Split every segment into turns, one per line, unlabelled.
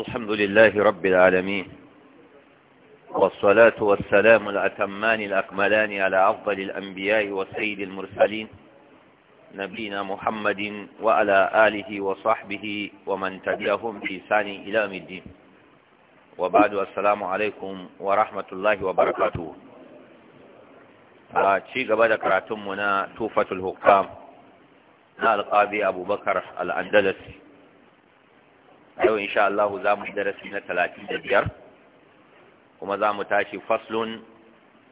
الحمد لله رب العالمين والصلاة والسلام الأتمان الأكملان على أفضل الأنبياء والسيد المرسلين نبينا محمد وعلى آله وصحبه ومن تبعهم في ثاني إلى الدين وبعد السلام عليكم ورحمة الله وبركاته شيء قبل كراتمنا توفة الحكام القاضي أبو بكر الأندلسي yau insha Allah za mu darasi na talatin da biyar kuma za mu tashi faslun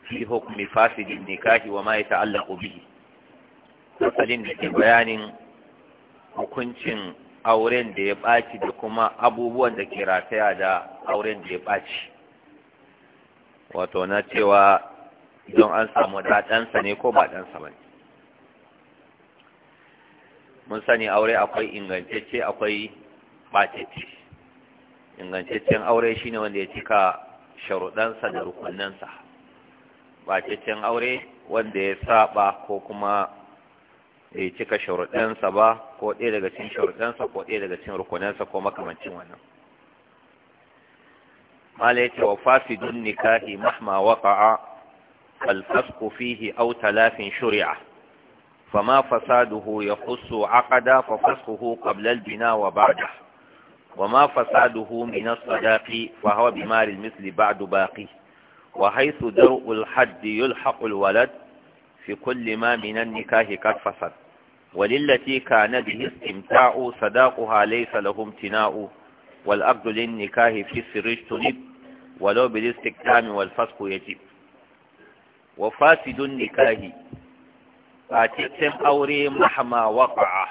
fi hukumi fasidin nikahi wa ma ta'alla ƙobi fasalin da ke bayanin hukuncin auren da ya ɓaci da kuma abubuwan da ke rataya da auren da ya ɓaci wato na cewa don an samu ɗansa ne ko ba ɗansa ba ne mun sani aure akwai ingantacce akwai ɓacece ingantaccen aure shine wanda ya cika sharuɗansa da rukunansa ɓacecen aure wanda ya saba ko kuma ya cika sharuɗansa ba ko ɗaya daga cin sharuɗansa ko ɗaya daga cin rukunansa ko makamancin wannan mala yake wa fasidun nikahi mahma waqa'a fal fihi aw talafin shuri'a fama fasaduhu yahussu aqada fa fasquhu qabla al bina wa da. وما فساده من الصداق فهو بمال المثل بعد باقي وحيث درء الحد يلحق الولد في كل ما من النكاه قد فسد وللتي كان به استمتاع صداقها ليس له امتناء والأقد للنكاه في السر اجتنب ولو بالاستكتام والفسق يجب وفاسد النكاه فاتتم أوري مهما وقع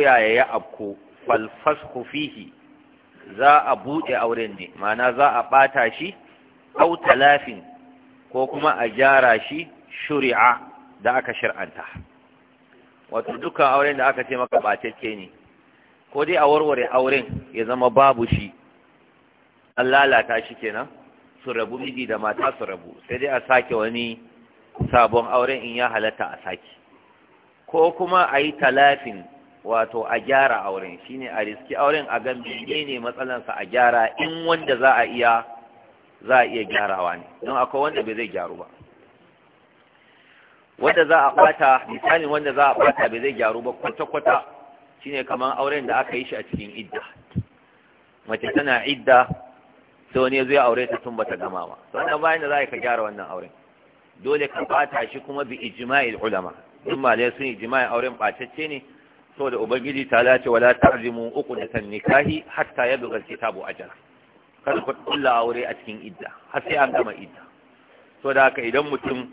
يا أبكو falfasku fihi za a buɗe auren ne ma'ana za a ɓata shi au talafin ko kuma a gyara shi shuri'a da aka shir'anta wato dukkan auren da aka ce maka ɓatacce ne ko dai a warware auren ya zama babu shi an lalata shi kenan su rabu miji da mata su rabu sai dai a sake wani sabon auren in ya halatta a sake ko kuma a yi talafin wato a gyara auren shine a riski auren a ga menene matsalansa a gyara in wanda za a iya za a iya gyarawa ne don akwai wanda bai zai gyaru ba wanda za a bata misalin wanda za a kwata bai zai gyaru ba kwata-kwata shine kamar auren da aka yi shi a cikin idda mace tana idda sai wani zai aure ta tun bata gama ba sannan bayan da za a yi ka gyara wannan auren dole ka bata shi kuma bi ijma'il ulama in malai sun ijma'in auren bacacce ne saboda ubangiji ta lati wala ta'zimu uqdatan nikahi hatta yabqa al-kitabu ajal kada ku kulla aure a cikin idda har sai an gama idda saboda haka idan mutum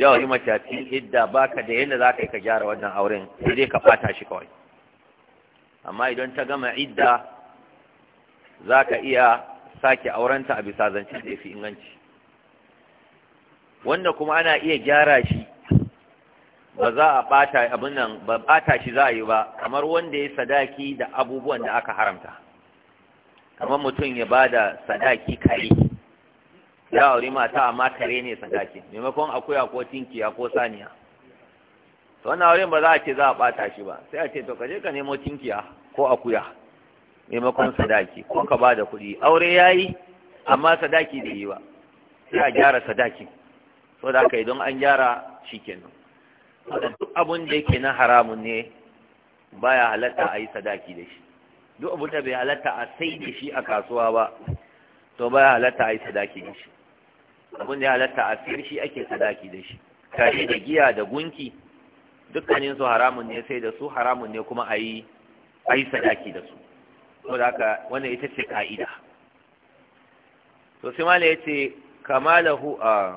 ya yi mata cikin idda baka da yanda zaka yi ka gyara wannan auren sai dai ka fata shi kawai amma idan ta gama idda zaka iya sake aurenta a bisa zancen da yafi inganci wanda kuma ana iya gyara shi ba za a bata abin nan ba bata shi za a yi ba kamar wanda ya sadaki da abubuwan da aka haramta kamar mutum ya ba da sadaki kare ya auri mata amma kare ne sadaki maimakon akuya ko tinkiya ko saniya to wannan aure ba za a ce za a bata shi ba sai a ce to kaje ka nemo tinkiya ko akuya maimakon sadaki ko ka bada kuɗi aure yayi amma sadaki bai yi ba sai a gyara sadaki saboda haka idan an gyara shikenan duk abun da yake na haramun ne baya halatta a yi sadaki da shi duk abun da bai halatta a sai da shi a kasuwa ba to baya halatta a yi sadaki da shi abun da ya halatta a siyar shi ake sadaki da shi kashi da giya da gunki dukkanin su haramun ne sai da su haramun ne kuma a yi sadaki da su saboda haka wannan ita ce ka'ida to sai mala yace kamalahu a ah,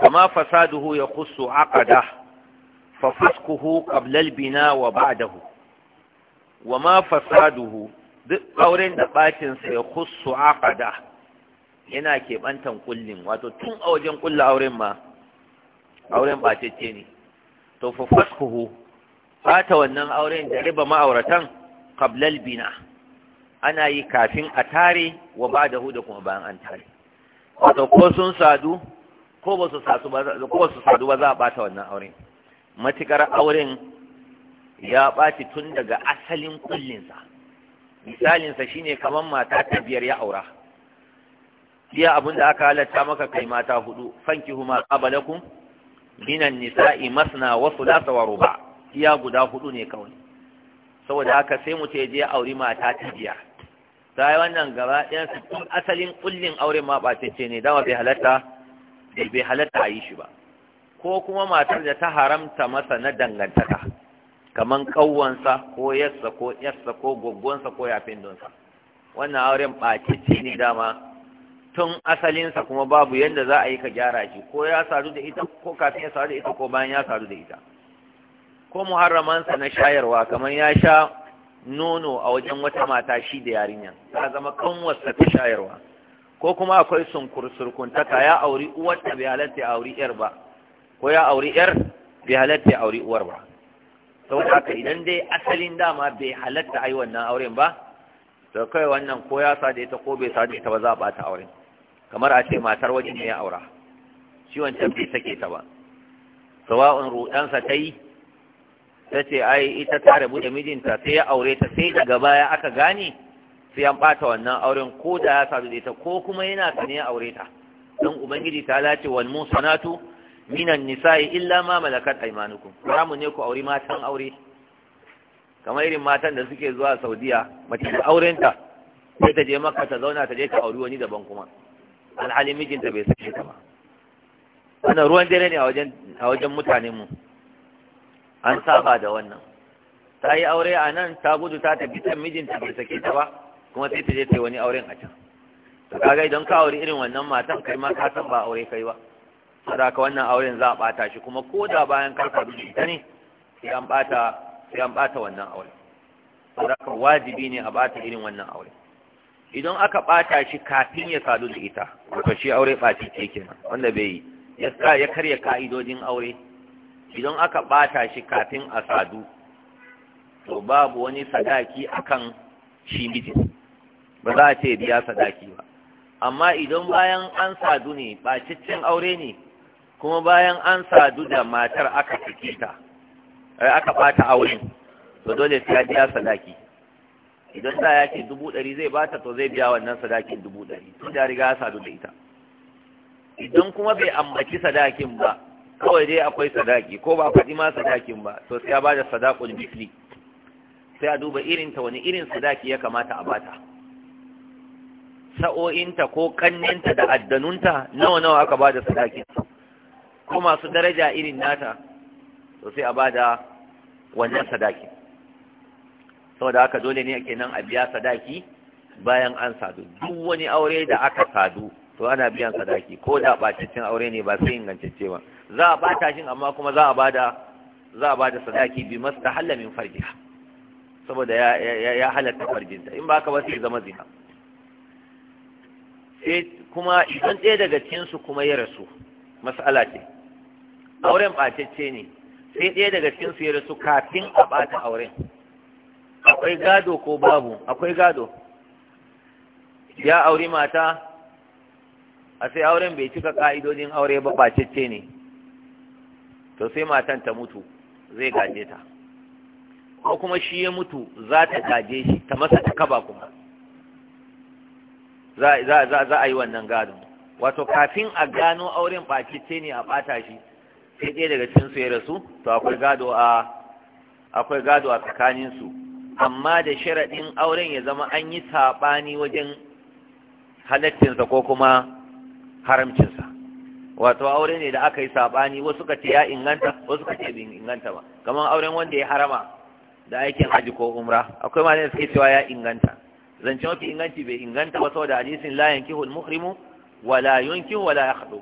kama fasaduhu ya khussu aqadah ففسقه قبل البناء وبعده وما فساده duk auren da bacinsa ya khussu aqada yana keɓantan kullin wato tun a wajen kulla auren ma auren bacecce ne to fa faskuhu fata wannan auren da riba ma'auratan qablal bina ana yi kafin a tare wa ba da da kuma bayan an tare wato ko sun sadu ko ba su sadu ba za a bata wannan auren matukar auren ya ɓaci tun daga asalin kullinsa misalinsa shine kamar mata ta biyar ya aura iya abin da aka halatta maka kai mata hudu fanki huma qabalakum minan nisa'i masna wa thulatha wa ruba iya guda hudu ne kawai saboda haka sai mu ce je auri mata ta biyar sai wannan gaba ɗayan tun asalin kullin auren ma ɓatacce ne dama bai halatta bai halatta a yi shi ba ko kuma matar da ta haramta masa na dangantaka kaman kawansa ko yassa ko yassa ko gwaggwansa ko donsa wannan auren ɓacici ne dama tun asalinsa kuma babu yadda za a yi ka gyara shi ko ya saru da ita ko kafin ya sadu da ita ko bayan ya sadu da ita ko muharramansa na shayarwa kamar ya sha nono a wajen wata mata shi da yarinya ta zama kanwarsa ta shayarwa ko kuma akwai sunkur surkuntaka ya auri uwarta bai halatta ya auri yar ba ko ya auri yar bai halatta ya auri uwar ba sau haka idan dai asalin dama bai halatta a yi wannan auren ba to kai wannan ko ya sa da ita ko bai sa da ita ba za a bata auren kamar a ce matar waje ne ya aura shi wancan bai sake ta ba sawa'un rudansa ta yi ta ce ai ita ta rabu da mijinta sai ya aure ta sai daga baya aka gane sai an bata wannan auren ko da ya sa da ita ko kuma yana sane ya aure ta don ubangiji ta lace wal musanatu minan nisa'i illa ma malakat aymanukum haramu ne ku aure matan aure kamar irin matan da suke zuwa Saudiya mace da aurenta sai ta je Makka ta zauna ta je ta auri wani daban kuma alhali mijinta bai sace ta ba wannan ruwan dare ne a wajen a wajen mutanen mu an saba da wannan ta yi aure a nan ta gudu ta tafi can mijinta bai sake ta ba kuma sai ta je ta yi wani auren a can to kaga idan ka aure irin wannan matan kai ma ka san ba aure kai ba saboda wannan auren za a bata shi kuma ko da bayan ka sadu ita ne sai an bata wannan auren saboda wajibi ne a bata irin wannan auren idan aka bata shi kafin ya sadu da ita wato shi aure baci ce kenan wanda bai ya ya karya ka'idodin aure idan aka bata shi kafin a sadu to babu wani sadaki akan shi miji ba za a ce biya sadaki ba amma idan bayan an sadu ne ciccin aure ne kuma bayan an sadu da matar aka saki ta eh, aka bata aure to dole sai ya biya sadaki idan da ya ce dubu ɗari zai bata to zai biya wannan sadakin dubu ɗari tun da riga ya sadu da ita idan kuma bai ambaci sadakin ba kawai dai akwai sadaki ko ba faɗi ma sadakin ba to sai ya bada sadakun misli sai a duba irinta wani irin sadaki ya kamata a bata sa'o'inta ko kanninta da addanunta nawa nawa aka bada sadakin ko masu daraja irin nata to sai a bada wannan sadaki saboda haka dole ne kenan a biya sadaki bayan an sadu duk wani aure da aka sadu to ana biyan sadaki ko da bacicin aure ne ba sai ingantacce ba za a bata shin amma kuma za a bada za a bada sadaki bi mastahalla min farjiha saboda ya ya halatta farjinta in ba ka ba sai zama zina sai kuma idan ɗaya daga cikin su kuma ya rasu mas'ala ce auren ɓatacce ne sai ɗaya daga cikin su ya rasu kafin a ɓata auren akwai gado ko babu akwai gado ya auri mata a sai auren bai cika ƙa'idodin aure ba ɓatacce ne to sai matan ta mutu zai gaje ta ko kuma shi ya mutu za ta gaje shi ta masa ta kaba kuma za a yi wannan gado. wato kafin a gano auren ɓacecce ne a ɓata shi sai ɗaya daga cikin su ya rasu to akwai gado a akwai gado a tsakanin su amma da sharaɗin auren ya zama an yi saɓani wajen halaccinsa ko kuma haramcinsa wato aure ne da aka yi saɓani wasu ka ce ya inganta wasu ka ce bin inganta ba kamar auren wanda ya harama da aikin haji ko umra akwai ma ne suke cewa ya inganta zance mafi inganci bai inganta ba saboda hadisin la yankihu al-muhrimu wala yunkihu wala yakhdhu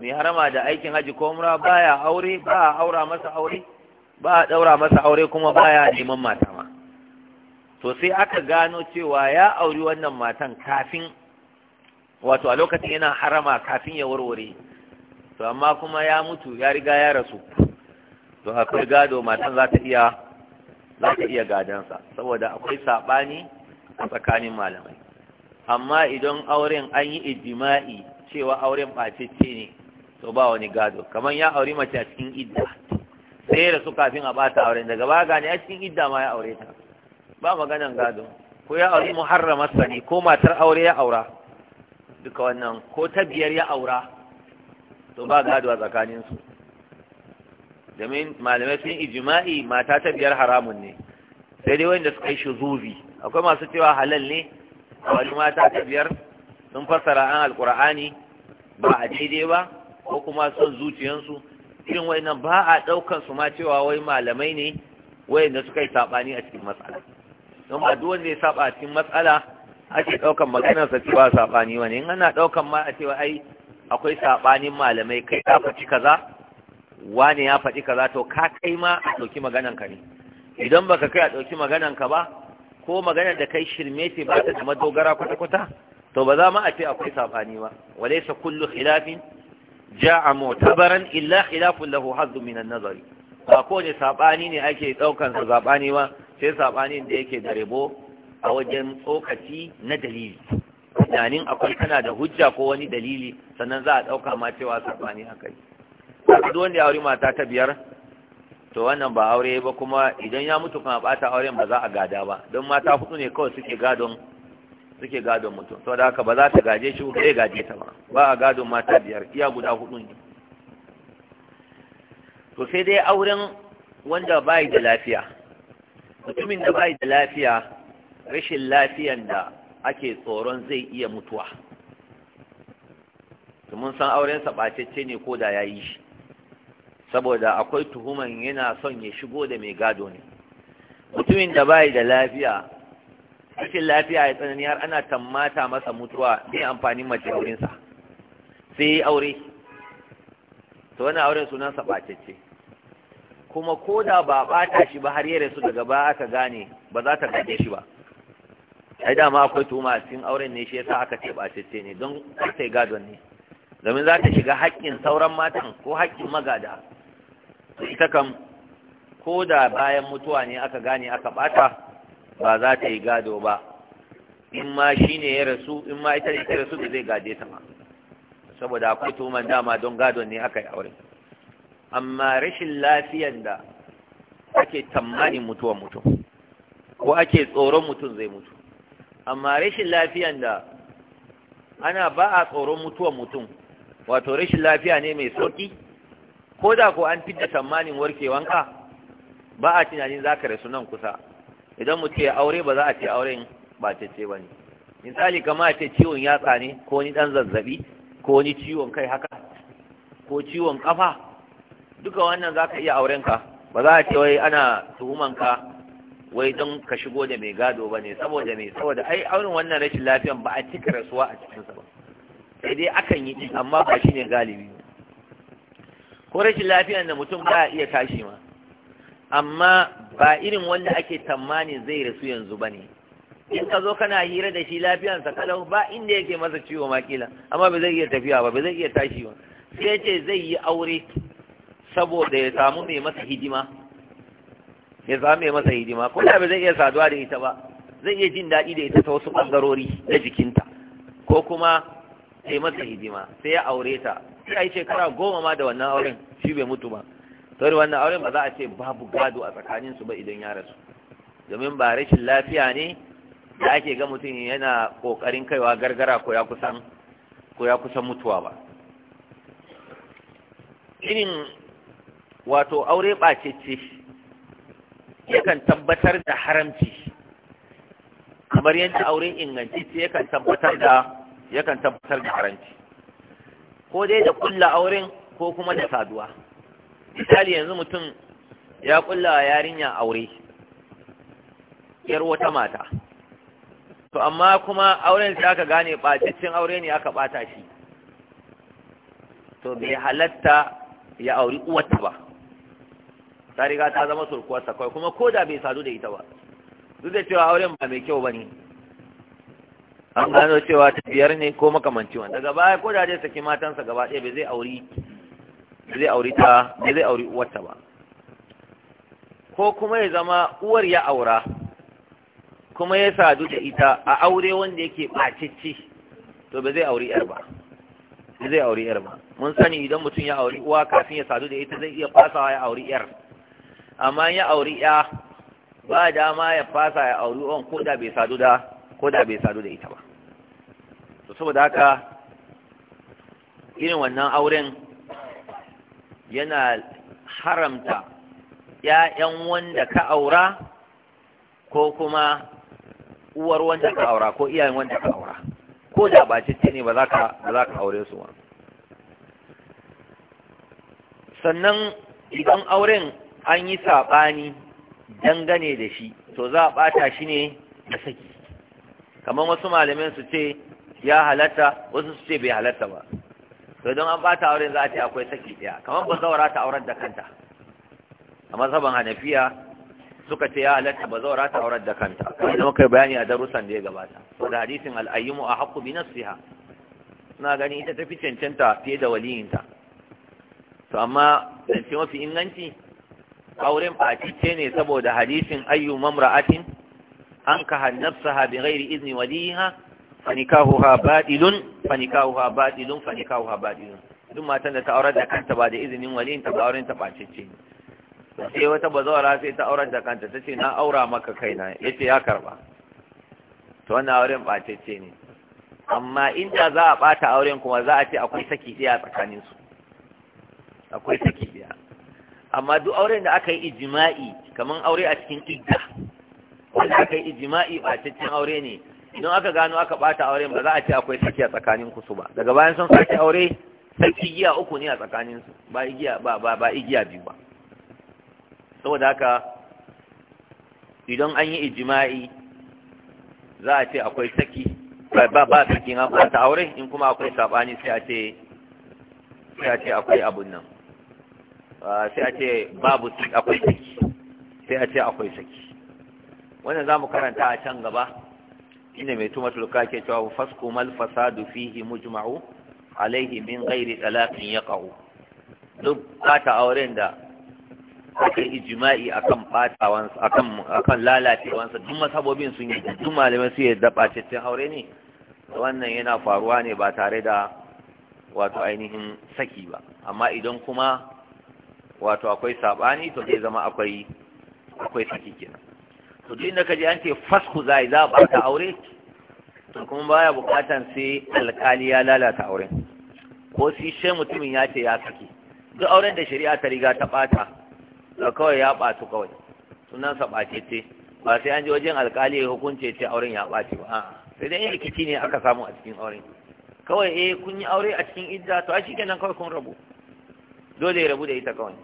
mai harama da aikin haji ko umra baya aure ba a aura masa aure ba a daura masa aure kuma baya neman mata ma to sai aka gano cewa ya auri wannan matan kafin wato a lokacin yana harama kafin ya warware to amma kuma ya mutu ya riga ya rasu to akwai gado matan za ta iya za ta iya gadansa saboda akwai saɓani a tsakanin malamai amma idan auren an yi ijima'i cewa auren ce ne to ba wani gado kamar ya auri mace a cikin idda sai da su kafin a bata auren daga ba gane a cikin idda ma ya aure ta ba maganan gado ko ya auri muharramar sani ko matar aure ya aura duka wannan ko ta biyar ya aura to ba gado a tsakanin su domin malamai sun ijma'i mata ta biyar haramun ne sai dai wanda suka yi shuzuzi akwai masu cewa halal ne a wani mata ta biyar sun fassara an alkur'ani ba a daidai ba ko kuma son zuciyansu irin wayannan ba a ɗaukan su ma cewa wai malamai ne wai da suka yi saɓani a cikin matsala don ba duk wanda ya saɓa a cikin matsala ake ɗaukan maganarsa cewa saɓani wani in ana ɗaukan ma a cewa ai akwai saɓanin malamai kai ka faɗi kaza wani ya faɗi kaza to ka kai ma a ɗauki maganarka ne idan baka kai a ɗauki maganarka ba ko maganar da kai shirme ce ba ta da madogara kwata-kwata to ba za ma a ce akwai saɓani ba walaisa kullu khilafin ja'a mu'tabaran illa khilafun lahu hazzu min an-nazari ba ko ne sabani ne ake daukan sa sabani sai sabanin da yake da rebo a wajen tsokaci na dalili tunanin akwai kana da hujja ko wani dalili sannan za a dauka ma cewa sabani haka ne duk wanda ya aure mata ta biyar to wannan ba aure ba kuma idan ya mutu kuma bata auren ba za a gada ba don mata hudu ne kawai suke gadon suke gadon mutum sau da haka ba za ta gaje shi ba gaje ta ba ba a gadon mata biyar iya guda hudu ne to sai dai auren wanda bai da lafiya mutumin da bai da lafiya rashin lafiyan da ake tsoron zai iya mutuwa to mun san auren sa ne ko da yayi shi saboda akwai tuhuman yana son ya shigo da mai gado ne mutumin da bai da lafiya rashin lafiya ya tsanani har ana tammata masa mutuwa ne amfanin mace aurensa sai yi aure to wani auren sunansa ɓacacce kuma ko da ba bata shi ba har yare su daga ba aka gane ba za ta gaje shi ba ai dama akwai tuma a cikin auren ne shi yasa aka ce ɓacacce ne don sai gadon ne domin za ta shiga haƙƙin sauran matan ko haƙƙin magada ita kam ko da bayan mutuwa ne aka gane aka ɓata ba za ta yi gado ba in ma shi ne ya rasu in ma ita ita rasu da zai gaje ta ma saboda akwai tuman dama don gadon ne aka yi aure amma rashin lafiyan da ake tamanin mutuwan mutum ko ake tsoron mutum zai mutu amma rashin lafiyan da ana ba a tsoron mutuwan mutum wato rashin lafiya ne mai sauki ko da ko an fidda tamanin warkewanka ba a tunanin za ka rasu nan kusa idan mu ce aure ba za a ce auren ba ce ba ne misali kama ce ciwon yatsa ne ko ni dan zazzabi ko ni ciwon kai haka ko ciwon kafa duka wannan za ka iya aurenka ba za a ce wai ana tuhumanka wai don ka shigo da mai gado ba ne saboda mai saboda ai auren wannan rashin lafiyan ba a cika rasuwa a cikinsa ba sai dai akan yi amma ba shi ne galibi ko rashin lafiyan da mutum ba iya tashi ma amma ba irin wanda ake tamanin zai rasu yanzu ba ne in ka zo kana hira da shi lafiyansa kalau ba inda yake masa ciwo makila amma ba zai iya tafiya ba ba zai iya tashi ba sai ce zai yi aure saboda ya samu mai masa hidima ya samu mai masa hidima ko da ba zai iya saduwa da ita ba zai iya jin daɗi da ita ta wasu ɓangarori na jikinta ko kuma yi masa hidima sai ya aure ta sai a yi shekara goma ma da wannan auren shi bai mutu ba yi wannan auren ba za a ce babu gado a tsakaninsu ba idan ya rasu domin ba rashin lafiya ne da ake ga mutum yana kokarin kaiwa gargara ko ya kusan mutuwa ba irin wato aure ɓacece yakan tabbatar da haramci kamar yadda aure ce yakan tabbatar da yakan tabbatar da haramci ko dai da kulla auren ko kuma da saduwa misali yanzu mutum ya kulla wa yarinya aure yar wata mata to amma kuma auren sai aka gane ɓataccen aure ne aka ɓata shi to bai halatta ya auri uwarta ba ta riga ta zama surkuwarsa kawai kuma ko da bai sadu da ita ba duk da cewa auren ba mai kyau ba ne an gano cewa ta biyar ne ko makamanci wanda daga baya ko da dai saki matansa gaba ɗaya bai zai auri zai aure ta da zai aure uwarta ba ko kuma ya zama uwar ya aura kuma ya sadu da ita a aure wanda yake bacicci to ba zai aure yar ba ba zai aure yar ba mun sani idan mutum ya aure uwa kafin ya sadu da ita zai iya fasawa ya aure yar amma ya aure ya ba dama ya fasa ya aure uwan ko da bai sadu da ko da bai sadu da ita ba to saboda haka irin wannan auren yana haramta ‘ya'yan wanda ka aura ko kuma uwar wanda ka aura ko iyayen wanda ka aura ko da ba cikin ne ba za ka aure su ba sannan idan auren an yi saɓani dangane da shi to za a ɓata shi ne da saki kamar wasu malamin su ce ya halatta wasu su ce bai halatta ba to don an bata auren za a ce akwai saki ɗaya, kamar ba zaura ta auren da kanta a mazhaban hanafiya suka ce ya halatta ba zaura ta auren da kanta kuma muka bayani a darussan da ya gabata da hadisin al'ayyumu a ahqqu bi nafsiha suna gani ita tafi cancanta fiye da waliyinta to amma da zance mafi inganci auren ce ne saboda hadisin ayyu mamra'atin an ka hannafsaha bi ghairi izni waliha fanikahuha badilun fanikahuha badilun ha badilun duk matan da ta aure da kanta ba da izinin wani ta ba auren ta bace ne sai wata bazawara sai ta aure da kanta tace na aura maka kaina yace ya karba to wannan auren ce ne amma in inda za a bata auren kuma za a ce akwai saki daya tsakanin su akwai saki daya amma duk auren da aka yi ijma'i kaman aure a cikin idda wanda aka yi ijma'i bacaccen aure ne idan aka gano aka bata aure, ba za a ce akwai saki a tsakanin ku su ba daga bayan sun saki aure saki igiya uku ne a tsakanin su ba igiya ba ba ba igiya biyu ba saboda haka idan an yi ijima'i za a ce akwai saki ba ba saki na bata aure in kuma akwai sabani sai a ce sai a ce akwai abun nan sai a ce babu akwai saki sai a ce akwai saki wannan za mu karanta a can gaba shine mai tumatul ke cewa Fasku, mal fasadu fihi mujma'u alaihi min ghairi talaqin yaqa'u duk kata auren da ake ijma'i akan batawan akan akan sa duk masabobin sun yi duk malamai su yadda baceccen aure ne wannan yana faruwa ne ba tare da wato ainihin saki ba amma idan kuma wato akwai sabani to zai zama akwai akwai saki kenan to duk inda ka je an ce fasku za a ɓata aure to kuma baya bukatan sai alkali ya lalata auren ko sai shi mutumin ya ce ya saki duk auren da shari'a ta riga ta ɓata da kawai ya ɓatu kawai Sunan bace ce. ba sai an je wajen alkali ya hukunce ce auren ya bace ba a'a sai dai rikici ne aka samu a cikin auren kawai eh kun yi aure a cikin idda to a shi kenan kawai kun rabu dole rabu da ita kawai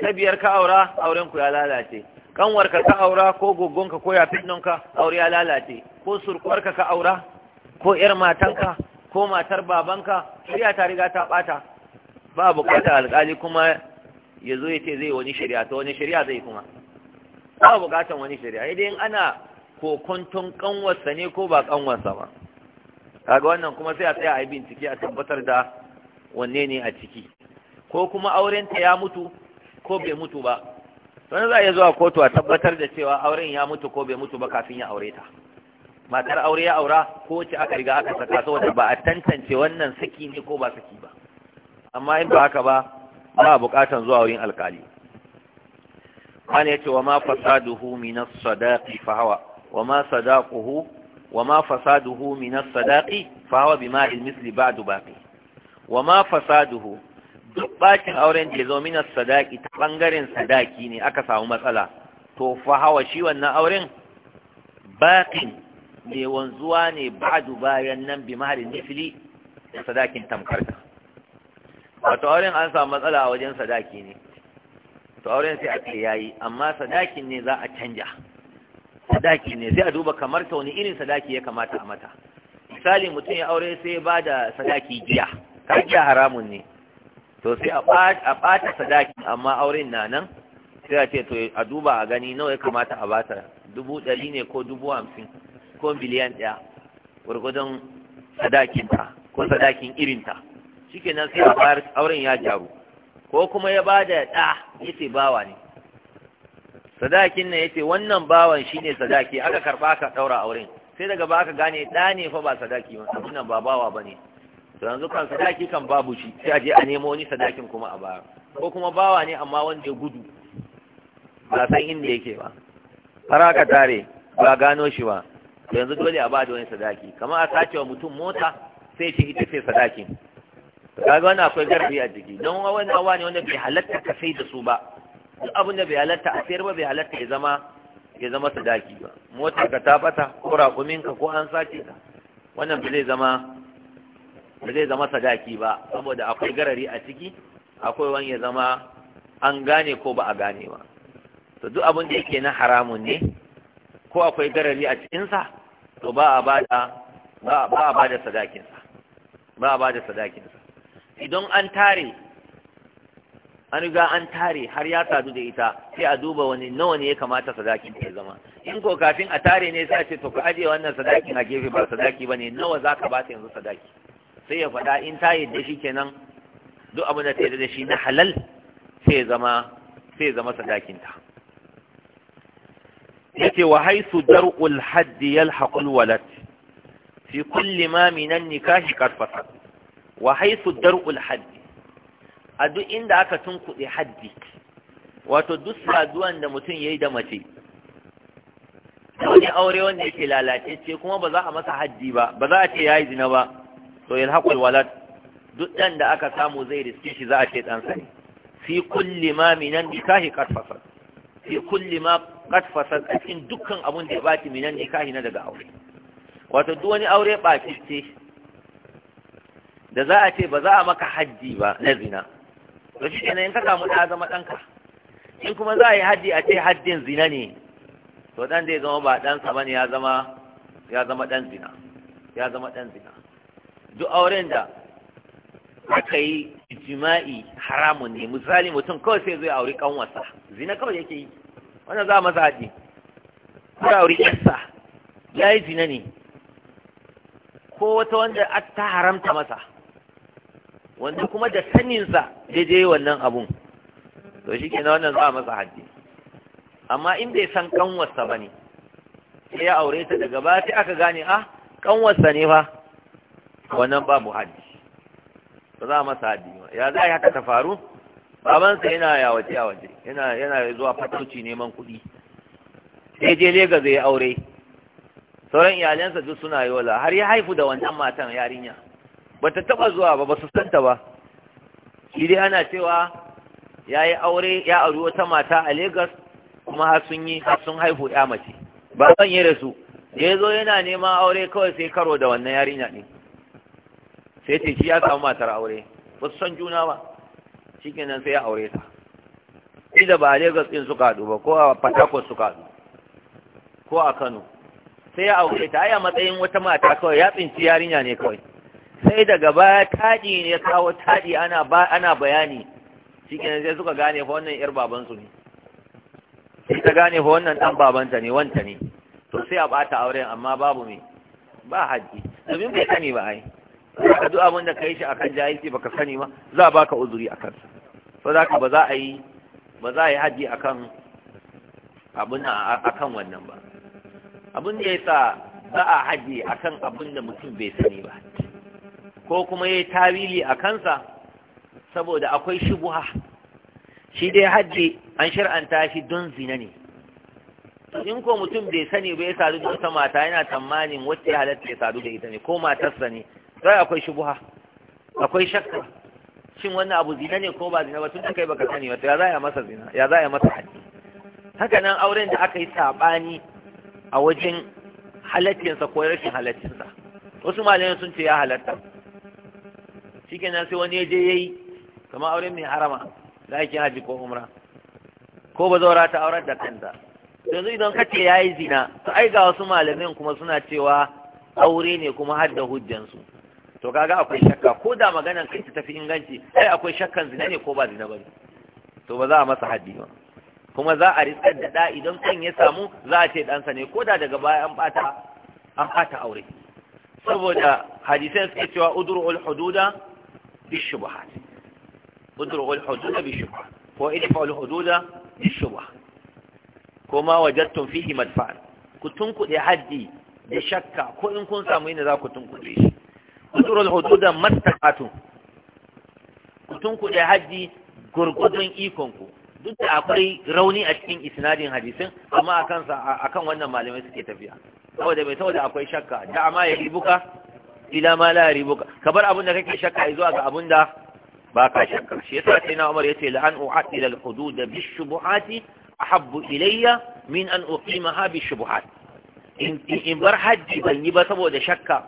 ta biyar ka aura auren ku ya lalace kanwarka ka aura ko gogonka ko yafinnanka aure ya lalace ko surkuwarka ka aura ko yar matanka ko matar babanka shirya ta riga ta bata ba bukata alkali kuma ya zo ya ce zai wani shari'a ta wani shari'a zai kuma ba bukatan wani shari'a idan ana kokuntun kanwarsa ne ko ba kanwarsa ba kaga wannan kuma sai a tsaya a yi bincike a tabbatar da wanne ne a ciki ko kuma aurenta ya mutu ko bai mutu ba don za a iya zuwa kotu a tabbatar da cewa auren ya mutu ko bai mutu ba kafin ya aure ta matar aure ya aura ko wacce aka riga aka saka saboda ba a tantance wannan saki ne ko ba saki ba amma in ba haka ba ba bukatan zuwa wurin alkali an yace, ce wa ma fasaduhu min sadaqi wa ma sadaquhu wa ma fasaduhu sadaqi bima misli ba'du baqi wa ma fasaduhu duk bakin auren da ya zo mina sadaki ta bangaren sadaki ne aka samu matsala to fa hawa shi wannan auren Bakin mai wanzuwa ne ba'du bayan nan bi mahalin nifili da sadakin ta wato auren an samu matsala a wajen sadaki ne to auren sai a ce yayi amma sadakin ne za a canja sadaki ne sai a duba kamar ta wani irin sadaki ya kamata a mata misali mutum ya aure sai ba da sadaki giya ka giya haramun ne to sai a ɓata sadakin amma auren na nan sai a ce to a duba a gani nawa ya kamata a bata dubu ɗari ne ko dubu hamsin ko biliyan ɗaya gwargwadon sadakinta ko sadakin irinta nan sai a bayar auren ya jaru ko kuma ya ba da ɗa ya ce bawa ne sadakin na ya ce wannan bawan shi ne sadaki aka karɓa ka ɗaura auren sai daga ba aka gane ɗa ne fa ba sadaki ba ba bawa ba ne to yanzu kan sadaki kan babu shi sai a je a nemo wani sadakin kuma a bayar ko kuma bawa ne amma wanda ya gudu ba san inda yake ba har ka tare ba gano shi ba to yanzu dole a ba da wani sadaki kamar a sace wa mutum mota sai ce ita ce sadakin kaga wannan akwai garbi a jiki don wani awa ne wanda bai halatta ka sai da su ba duk abin da bai halatta a sayar ba bai halatta ya zama ya zama sadaki ba motar ka ta bata ko raƙumin ka ko an sace ka wannan bai zama ba zai zama sadaki ba saboda akwai garari a ciki akwai wani ya zama an gane ko ba a gane ba to duk abin da yake na haramun ne ko akwai garari a cikinsa to ba a bada ba a bada sadakinsa ba a bada sadakinsa idan an tare an riga an tare har ya sadu da ita sai a duba wani nawa ne ya kamata sadakin ya zama in ko kafin a tare ne sai a ce to ka ajiye wannan sadakin a gefe ba sadaki bane nawa zaka ba ta yanzu sadaki sai ya faɗa in ta da shi kenan duk abin da ta yi da shi na halal sai ya zama sai ya zama yace wa haisu dar'ul haddi yalhaqul walad fi kulli ma min an-nikah qad wa haisu dar'ul haddi a duk inda aka tun kuɗi haddi wato duk saduwan da mutum yayi da mace wani aure wanda yake lalace ce kuma ba za a masa haddi ba ba za a ce yayi zina ba to yalhaqul walad duk ɗan da aka samu zai riske shi za a ce ɗansa sani fi kulli ma minan nikahi qad fi kulli ma qad a cikin dukkan abun da ya baki minan nikahi na daga aure wato duk wani aure baci ce da za a ce ba za a maka hajji ba na zina to shi ne in ka samu da zama ɗanka in kuma za a yi hajji a ce hajjin zina ne to ɗan zai zama ba ɗansa ba ne ya zama ya zama zina ya zama ɗan zina duk auren da aka yi jima'i haramun ne misali mutum kawai sai zai auri kanwarsa zina kawai yake yi wannan za a masa haɗi ko auri yarsa ya yi zina ne ko wata wanda ta haramta masa wanda kuma da saninsa daidai wannan abun to shi kenan wannan za a masa haɗi amma in bai san kanwarsa ba ne sai ya aure ta daga ba sai aka gane ah kanwarsa ne fa wannan babu haddi ba za a masa haddi ba ya za a yi haka ta faru babansa yana yawace yawace yana yana zuwa fatoci neman kuɗi sai je Legas ya aure sauran iyalansa duk suna yola har ya haifu da wannan matan yarinya bata taba zuwa ba su santa ba shi dai ana cewa ya yi aure ya auri wata mata a Legas kuma har sun yi har sun haihu ya mace ba zan yi su. da zo yana neman aure kawai sai karo da wannan yarinya ne sai ce shi ya samu matar aure ba su san juna ba kenan sai ya aure ta da ba a Lagos ɗin suka haɗu ba ko a patakos suka haɗu ko a Kano sai ya aure ta ya matsayin wata mata kawai ya tsinci yarinya ne kawai sai daga baya taɗi ne kawo taɗi ana bayani shi kenan sai suka gane fa wannan yar babansu ne sai ta gane fa wannan ɗan babanta ne wanta ne to sai a ɓata auren amma babu me ba hajji domin bai sani ba ai ka duk abin da ka yi shi kan jahilci ka sani ma za a baka uzuri a kansa so za ka ba za a yi ba za a yi a kan abin kan wannan ba abin da ya sa za a a akan abin da mutum bai sani ba ko kuma ya yi tawili a kansa saboda akwai shubuha shi dai hajji an shir'anta shi don zina ne in ko mutum bai sani bai sadu da wata mata yana tsammanin wacce halatta ya sadu da ita ne ko matarsa ne rai akwai shubuha akwai shakka shin wannan abu zina ne ko ba zina ba tun kai baka sani wata ya za ya masa zina ya za ya masa haji haka nan auren da aka yi saɓani a wajen halaccinsa ko rashin halaccinsa wasu malamai sun ce ya halatta shi sai wani ya je ya yi kama auren mai harama da ake haji ko umra ko ba zaura ta aurar da kanta yanzu idan ka ce ya yi zina to ai ga wasu malamai kuma suna cewa aure ne kuma har da hujjansu to kaga akwai shakka ko da maganar kai ta tafi inganci sai akwai shakkan zina ne ko ba zina bane to ba za a masa haddi ba kuma za a ritsar da da idan kan ya samu za a ce ɗansa ne ko da daga baya an bata an bata aure saboda hadisai suke cewa udru'ul hududa bishubahat udru'ul hududa bishubahat ko idfa'ul hududa bishubahat kuma wajadtum fihi madfa'a ku tunkuɗe haddi da shakka ko in kun samu ina za ku tunkuɗe shi kuturar hududa mastaqatu kutun ku da haji gurgudun ikon ku duk da akwai rauni a cikin isnadin hadisin amma a kansa wannan malamai suke tafiya saboda mai saboda akwai shakka da ma ya ribuka ila ma la ribuka kabar abin da kake shakka zuwa ga abin da ba ka shakka shi yasa sai na Umar yace la an u'addila al-hudud bi shubuhati ahabbu ilayya min an uqimaha bi shubuhat in in bar hajji ban yi ba saboda shakka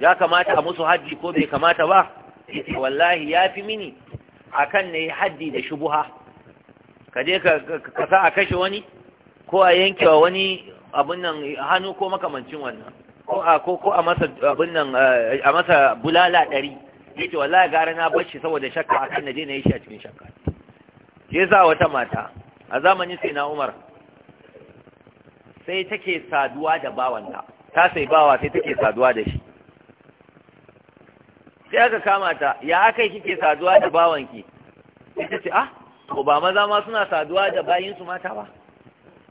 ya kamata a musu haddi ko bai kamata ba wallahi ya fi mini akan ne haddi da shubuha ka je ka sa a kashe wani ko a yankewa wani abin nan hannu ko makamancin wannan ko a ko eh, a masa bulala ɗari yace wallahi gara na bar saboda shakka akan naje na yi shi a cikin shakka Ke sa wata mata a zamani sai na Umar sai take saduwa da bawanta ta sai bawa sai take saduwa da shi sai aka kama ta ya aka kike saduwa da bawanki ita ce ah to ba maza ma suna saduwa da bayin su mata ba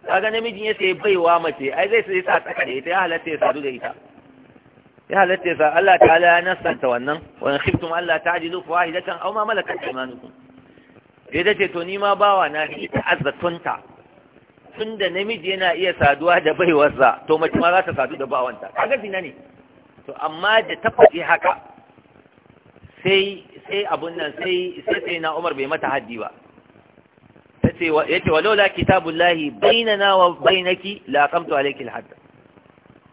kaga namijin ya sai baiwa mace ai zai sai sa tsaka da ita ya halatta ya sadu da ita ya halatta ya sa Allah ta'ala ya nasanta wannan wa in khiftum Allah ta'jilu fawahidatan aw ma malakat imanukum sai ta ce to ni ma bawa na ta azzatunta tunda namiji yana iya saduwa da baiwarsa to mace ma za ta sadu da bawanta kaga zina ne to amma da ta faɗi haka sai sai abun nan sai sai sai na Umar bai mata haddi ba tace yace walola kitabullahi bainana wa bainaki la qamtu alayki alhadd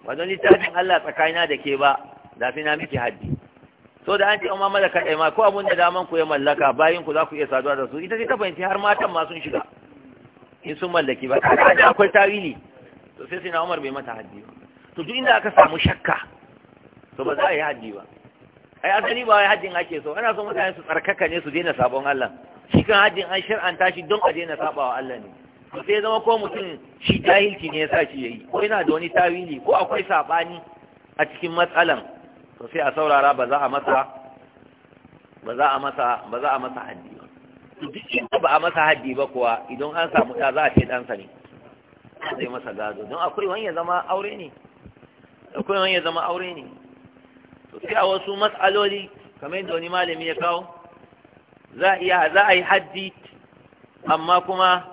wannan littafin Allah tsakanina da ke ba da sai na miki haddi To da an ce umma mala kai ma ko abun da zaman ku ya mallaka bayin ku za ku iya saduwa da su ita ce ta fahimci har matan ma sun shiga in sun mallaki ba kaga akwai tawili to sai sai na Umar bai mata haddi to duk inda aka samu shakka to ba za a yi haddi ba ai asali ba wai hajjin ake so ana so mutane su tsarkaka ne su daina sabon Allah shi kan hajjin an shar'anta shi don a daina sabawa Allah ne to sai zama ko mutum shi jahilci ne yasa shi yayi ko yana da wani tawili ko akwai sabani a cikin matsalan to sai a saurara ba za a masa ba za a masa ba za a masa haddi ba duk inda ba a masa haddi ba kuwa idan an samu ta za a ce ɗansa ne zai masa gado don akwai wani ya zama aure ne akwai wani ya zama aure ne to a wasu matsaloli kamar yadda wani malami ya kawo za iya za a yi haddi amma kuma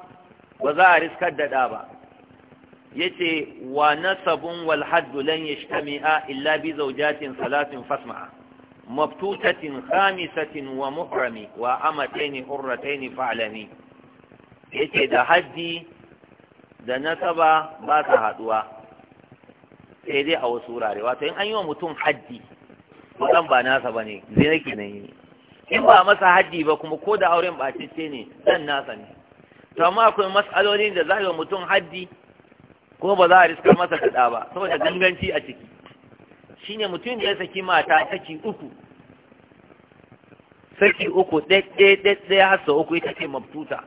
ba za a riskar da ɗa ba yace wa nasabun wal haddu lan yajtami'a illa bi zawjatin salatin fasma'a mabtutatin khamisatin wa muhrami wa amataini hurrataini fa'lami yace da haddi da nasaba ba sa haduwa sai dai a wasu wurare wato in an yi wa mutum haddi wannan ba nasa ba ne zina kenan yi in ba masa haddi ba kuma ko da auren ba cece ne zan nasa ne to amma akwai matsalolin da za a yi wa mutum haddi ko ba za a riska masa kaɗa ba saboda ganganci a ciki Shi ne mutum da ya saki mata saki uku saki uku ɗaiɗaiɗaiɗaya har sau uku ita ce mabtuta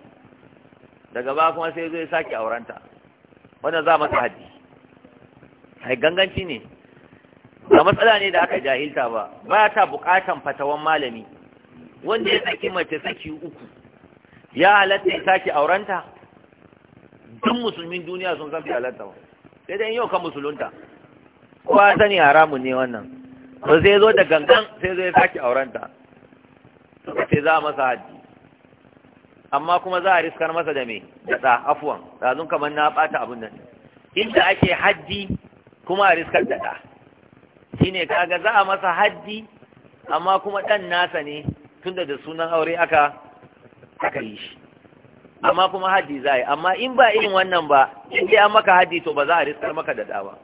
daga ba kuma sai zai sake aurenta wanda za a masa haddi ai ganganci ne ga matsala ne da aka jahilta ba ba ta bukatan fatawan malami wanda ya saki mace saki uku ya halatta ya saki aurenta duk musulmin duniya sun san fi halatta ba sai dai yau kan musulunta kowa sani haramun ne wannan ba sai zo da gangan sai zo ya saki aurenta sai za a masa haji amma kuma za a riskar masa da me da ɗa afuwan ɗazun kamar na ɓata abin nan inda ake haji kuma a riskar da ɗa shine kaga za a masa haddi amma kuma ɗan nasa ne tunda da sunan aure aka aka yi shi amma kuma haddi za a yi amma in ba irin wannan ba in dai an maka haddi to ba za a riskar maka da ɗa ba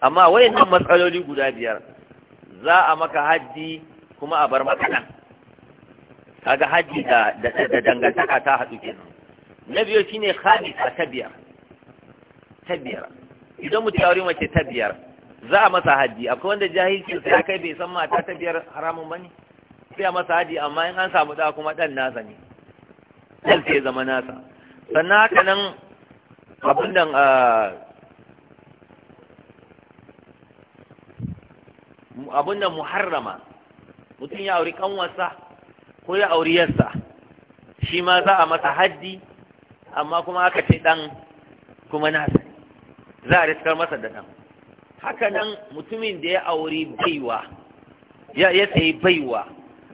amma wayannan matsaloli guda biyar za a maka haddi kuma a bar maka ɗan kaga haddi da da dangantaka ta haɗu kenan na biyu shine hadisa ta biyar ta biyar idan mutum ya wuri mace ta biyar za a masa haji akwai wanda jahilcin sai kai bai san mata ta biyar haramun bane sai a masa haji amma in an samu da kuma dan nasa ne dan sai zama nasa sannan haka nan abin da abin da muharrama mutum ya auri kanwarsa ko ya auri yarsa shi ma za a masa haddi amma kuma aka ce dan kuma nasa za a riskar masa da dan haka nan mutumin da ya auri baiwa ya ya sayi baiwa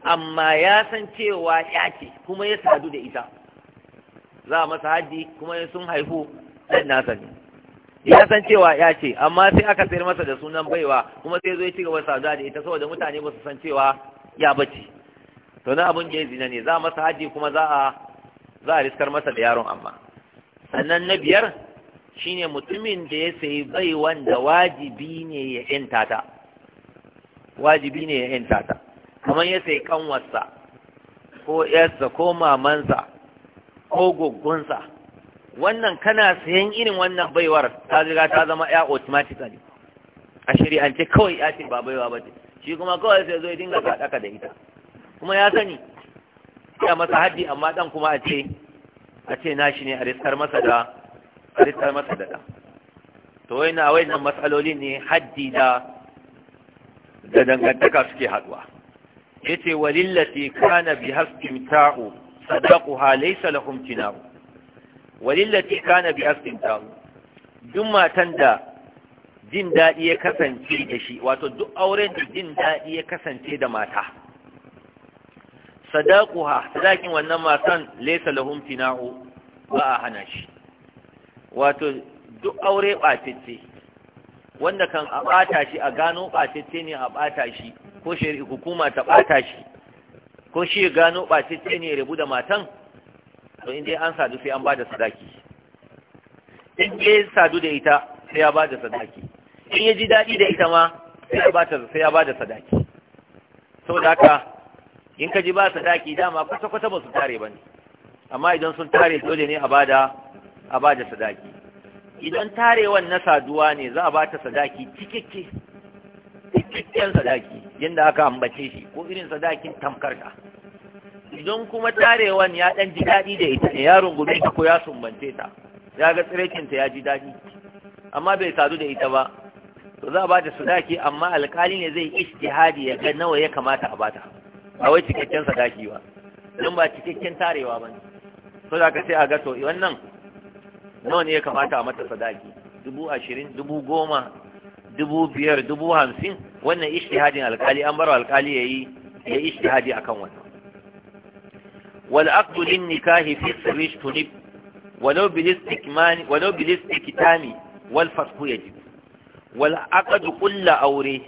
amma ya san cewa ya ce kuma ya sadu da ita za a masa Haji kuma ya sun haihu ɗan nasa ne ya san cewa ya ce amma sai aka sayar masa da sunan baiwa kuma sai zo ya ci gaba saduwa da ita saboda mutane ba su san cewa ya bace to na abin da ya zina ne za masa haji kuma za a za a riskar masa da yaron amma sannan na biyar shine mutumin da ya sayi bai wanda wajibi ne ya intata, wajibi ne ya intata. kamar ya sayi kanwarsa ko yarsa ko mamansa ko gogonsa wannan kana sayan irin wannan baiwar ta riga ta zama ya automatically a shari'ance kawai ya ce ba baiwa ba ce shi kuma kawai sai zo ya dinga kaɗaka da ita kuma ya sani ya masa haddi amma ɗan kuma a ce a ce nashi ne a riskar masa da tsaritar masa da ɗan to wai na wai nan matsaloli ne haddi da dangantaka suke haduwa? ya ce walillati kana bi haskin ta'u sadaku ha laisa lahum tina'u walillati kana bi haskin ta'u duk matan da jin daɗi ya kasance da shi wato duk auren da jin daɗi ya kasance da mata sadaku ha sadakin wannan matan laisa lahum tina'u ba a hana shi wato duk aure ɓatacce wanda kan a ɓata shi a gano ɓatacce ne a ɓata shi ko shari'a hukuma ta ɓata shi ko shi gano ɓatacce ne rabu da matan to in dai an sadu sai an ba da sadaki in dai sadu da ita sai ya ba da sadaki in ya ji daɗi da ita ma sai ya ba da sadaki da haka in ka ji ba sadaki dama kwata-kwata ba su tare ba ne amma idan sun tare dole ne a ba da a ba da sadaki idan tarewan na saduwa ne za a ba ta sadaki cikakke cikakken sadaki yadda aka ambace shi ko irin sadakin tamkarta idan kuma tarewan ya ɗan ji daɗi da ita ne ya rungume ta ko ya sumbance ta ya ga ta ya ji daɗi amma bai sadu da ita ba to za a ba ta sadaki amma alkali ne zai ishtihadi ya ga nawa ya kamata a bata ba wai cikakken sadaki ba don ba cikakken tarewa ba ne so za ka sai a ga to wannan nawa ne ya kamata a mata sadaki dubu ashirin dubu goma dubu biyar dubu hamsin wannan ishtihadin alkali an baro alkali ya yi ya ishtihadi akan wannan wal aqdu lin nikahi fi sirri tunib walau bil istikmani walau bil istiktami wal fasqu yajib wal aqdu kullu awri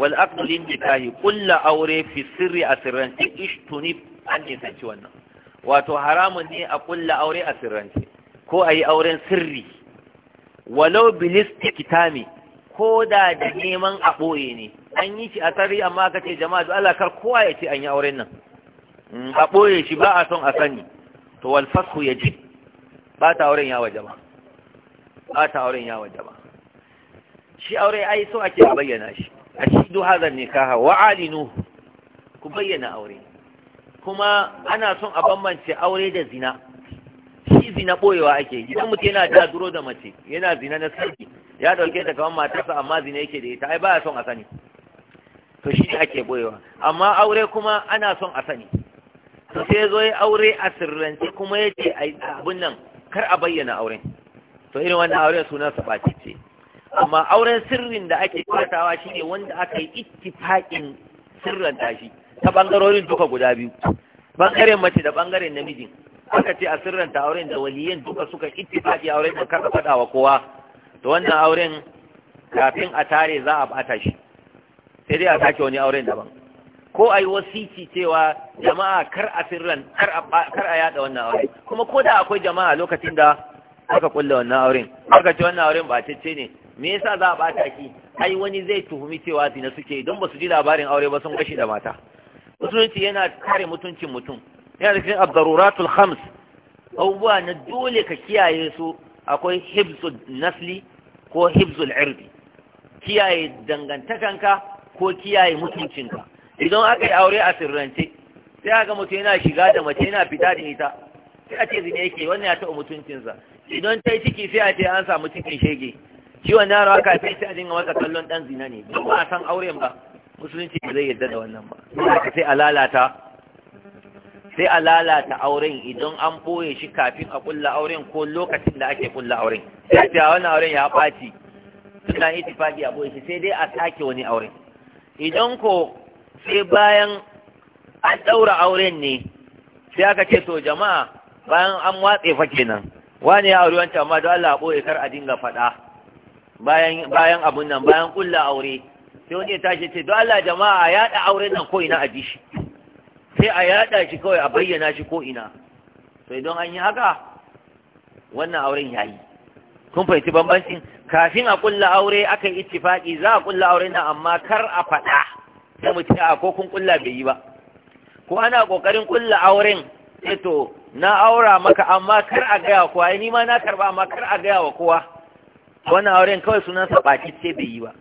wal aqdu lin nikahi kullu awri fi sirri asirran ishtunib an nisanci wannan wato haramun ne a kulla aure a sirrance. ko a yi auren sirri walau bilis kitami ko da da neman a ɓoye ne an yi shi a sarri amma aka ce jama'a da Allah kar kowa ya ce an yi auren nan mm, a ɓoye shi ba a son a sani to wal ya ji ba ta auren ya waje ba ba ta auren ya waje ba shi aure ai so ake a bayyana shi a shi duk hazan nikaha wa alinu ku bayyana aure kuma ana son a bambance aure da zina hadisi na boyewa ake idan mutum yana da duro da mace yana zina na sarki ya dauke ta kamar matarsa amma zina yake da ita ai baya son a sani to shi ne ake boyewa amma aure kuma ana son a sani to sai zo ya aure a sirrance kuma ya ce abin nan kar a bayyana auren to irin wannan auren sunan sa ce amma auren sirrin da ake fatawa shine wanda aka yi ittifaqin sirran tashi ta bangarorin duka guda biyu bangaren mace da bangaren namijin aka ce a sirranta auren da waliyan duka suka ittifaqi auren da kada faɗa wa kowa to wannan auren kafin a tare za a bata shi sai dai a sake wani auren daban ko ai wasici cewa jama'a kar a sirran kar a kar yada wannan auren kuma ko da akwai jama'a lokacin da aka kulla wannan auren aka ce wannan auren ba tacce ne me yasa za a bata ki ai wani zai tuhumi cewa zina suke don ba su ji labarin aure ba sun gashi da mata musulunci yana kare mutuncin mutum yana cikin abdaruratul khams abubuwa na dole ka kiyaye su akwai hibzul nasli ko hibzul irdi kiyaye dangantakanka ko kiyaye mutuncinka idan aka yi aure a sirrance sai aka mutu yana shiga da mace yana fita da ita sai a ce zine yake wannan ya taɓa mutuncinsa idan ta yi ciki sai a ce an samu cikin shege ciwon yaro aka fi sai a dinga masa kallon ɗan zina ne ba a san auren ba musulunci ba zai yarda da wannan ba sai a lalata sai a lalata auren idan an boye shi kafin a kulla auren ko lokacin da ake kulla auren sai ta wani auren ya ɓaci suna itifaki a boye shi sai dai a sake wani auren idan ko sai bayan an ɗaura auren ne sai aka ce to jama'a bayan an watse fa kenan wani ya aure wancan amma don Allah boye kar a dinga faɗa bayan bayan abun nan bayan kulla aure sai wani ya tashi ce don Allah jama'a ya da auren nan ko ina a ji shi sai a yada shi kawai a bayyana shi ko ina to idan an yi haka wannan auren yayi kun fahimci bambancin kafin a kulla aure aka yi ittifaki za a kulla aure na amma kar a faɗa sai mu ce a ko kun kulla bai yi ba ko ana kokarin kulla auren sai to na aura maka amma kar a gaya kowa ni ma na karba amma kar a gaya wa kowa wannan auren kawai sunan sa baki sai bai yi ba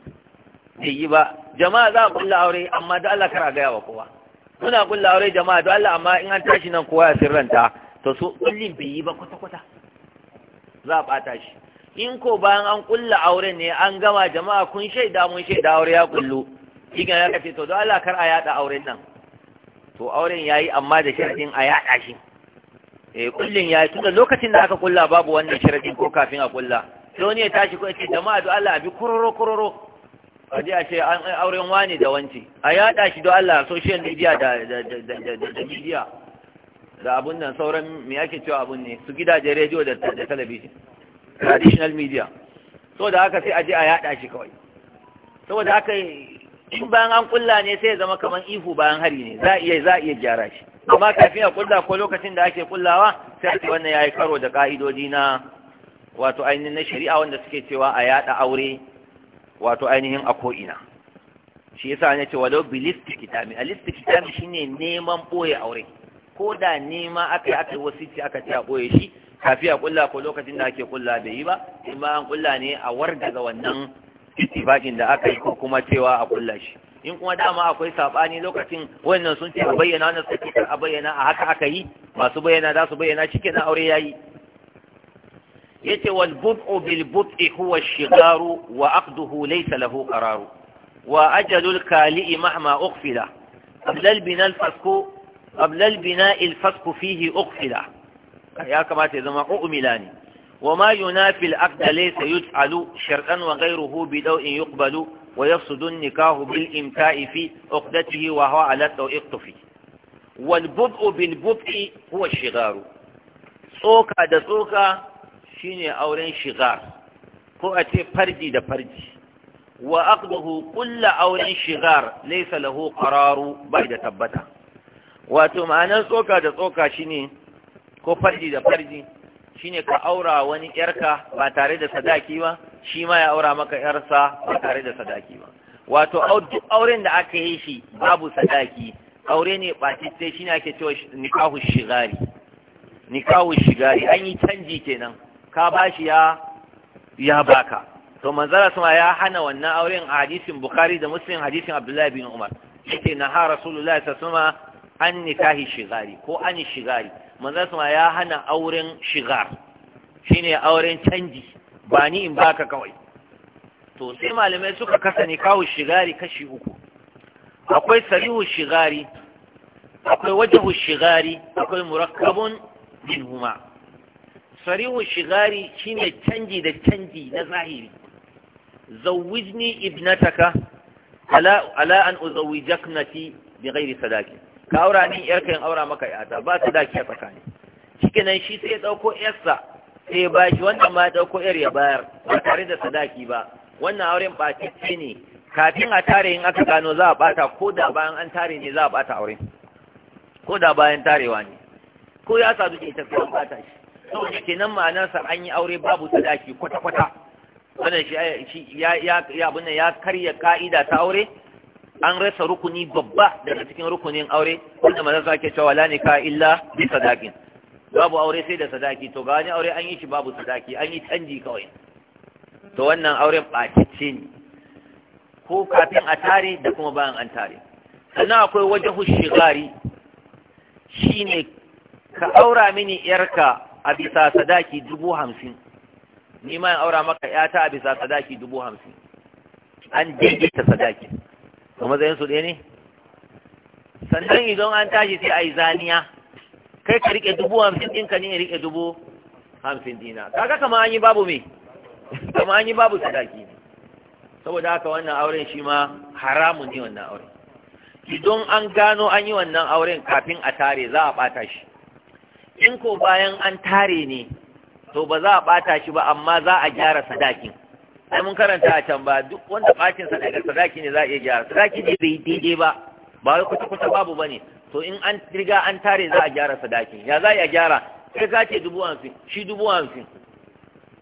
bai yi ba jama'a za a kulla aure amma da Allah kar a gaya wa kowa muna kulla aure jama'a to Allah amma in an tashi nan kowa ya sirranta to su kullin bai yi ba kwata kwata za a bata shi in ko bayan an kulla auren ne an gama jama'a kun shaida mun shaida aure ya kullu igan ya kace to don Allah kar a yada auren nan to auren yayi amma da sharadin a yada shi eh kullin yayi da lokacin da aka kulla babu wannan sharadin ko kafin a kulla sai wani ya tashi ko ya ce jama'a don Allah abi kororo kororo a a ce an auren wani da wanci a yada shi don Allah social media da media da abun nan sauran me ake cewa abun ne su gidajen rediyo da talabijin traditional media so da haka sai a je a yada shi kawai saboda haka in bayan an kulla ne sai ya zama kamar ihu bayan hari ne za iya za iya gyara shi amma kafin a kulla ko lokacin da ake kullawa sai ake wannan yi karo da ka'idodi na wato ainihin na shari'a wanda suke cewa a yada aure wato ainihin a ko'ina shi yasa ne ce walau bilisti kitami a listi kitami shine neman ɓoye aure ko da nema aka yi aka yi aka ce a ɓoye shi kafi a kulla ko lokacin da ake ƙulla bai yi ba in ma an ƙulla ne a wargaza wannan ittifaqin da aka yi ko kuma cewa a ƙulla shi in kuma dama akwai saɓani lokacin wannan sun ce a bayyana wannan sun ce a bayyana a haka aka yi masu bayyana za su bayyana shi kenan aure ya yi. يتي والبطء بالبطء هو الشغار وعقده ليس له قرار وأجل الكالئ مهما اغفل قبل البناء الفسق قبل البناء الفسق فيه اغفل يا كما تذمع أؤملاني وما ينافي العقد ليس يتعل شرقا وغيره بدوء يقبل ويفسد النكاه بالإمتاء في عقدته وهو على التوئق والبطء بالبطء هو الشغار سوكا دسوكا shine auren shigar ko a ce farji da farji wa aqdahu kullu auren shigar laysa lahu qararu bai da tabbata wato ma'anar tsoka da tsoka shine ko farji da farji shine ka aura wani yarka ba tare da sadaki ba shi ma ya aura maka yarsa ba tare da sadaki ba wato auren da aka yi shi babu sadaki aure ne ɓatitse shi ne ake cewa nikahu shigari nikahu shigari an yi canji kenan ka bashi ya ya baka to manzara ma ya hana wannan auren a hadisin bukhari da muslim hadisin abdullahi bin umar yake na ha rasulullahi suna an nikahi shigari ko an shigari manzara ma ya hana auren shigar shine auren canji ba ni in baka kawai to sai malamai suka kasa nikahu shigari kashi uku akwai sarihu shigari akwai wajahu shigari akwai murakkabun jihuma sarihu shigari shine canji da canji na zahiri zawwijni ibnataka ala ala an uzawijaknati bighairi sadaki ka aura ni yarka in aura maka yata ba sadaki a tsakani shikenan shi sai ya dauko yarsa sai ba shi wannan ma ya dauko yar ya bayar ba tare da sadaki ba wannan auren ba tacce ne kafin a tare in aka gano za a bata ko da bayan an tare ne za a bata auren ko da bayan tarewa ne ko ya sadu ke ita ko an bata shi nan kenan ma'anarsa an yi aure babu sadaki kwata-kwata wannan shi ya abin ya karya ka'ida ta aure an rasa rukuni babba daga cikin rukunin aure wanda maza za ke cewa la nika illa bi sadakin babu aure sai da sadaki to ga wani aure an yi shi babu sadaki an yi canji kawai to wannan auren ɓacicce ne ko kafin a tare da kuma bayan an tare sannan akwai wajen hushigari ne ka aura mini yarka a bisa sadaki dubu hamsin ni ma in aura maka yata a bisa sadaki dubu hamsin an ta sadaki a matsayin su ɗaya ne sannan idan an tashi sai a yi zaniya kai ka riƙe dubu hamsin ɗinka ne ya riƙe dubu hamsin dina kaga kama an yi babu me kama an yi babu sadaki ne saboda haka wannan auren shi ma haramun ne wannan auren idan an gano an yi wannan auren kafin a tare za a ɓata shi in ko bayan an tare ne to ba za a ɓata shi ba amma za a gyara sadakin sai mun karanta a can ba duk wanda ɓacin sa daga sadaki ne za a iya gyara sadaki ne bai daidai ba ba wai kuta kuta babu bane to in an riga an tare za a gyara sadaki. ya za a gyara sai ka ce dubu hamsin shi dubu hamsin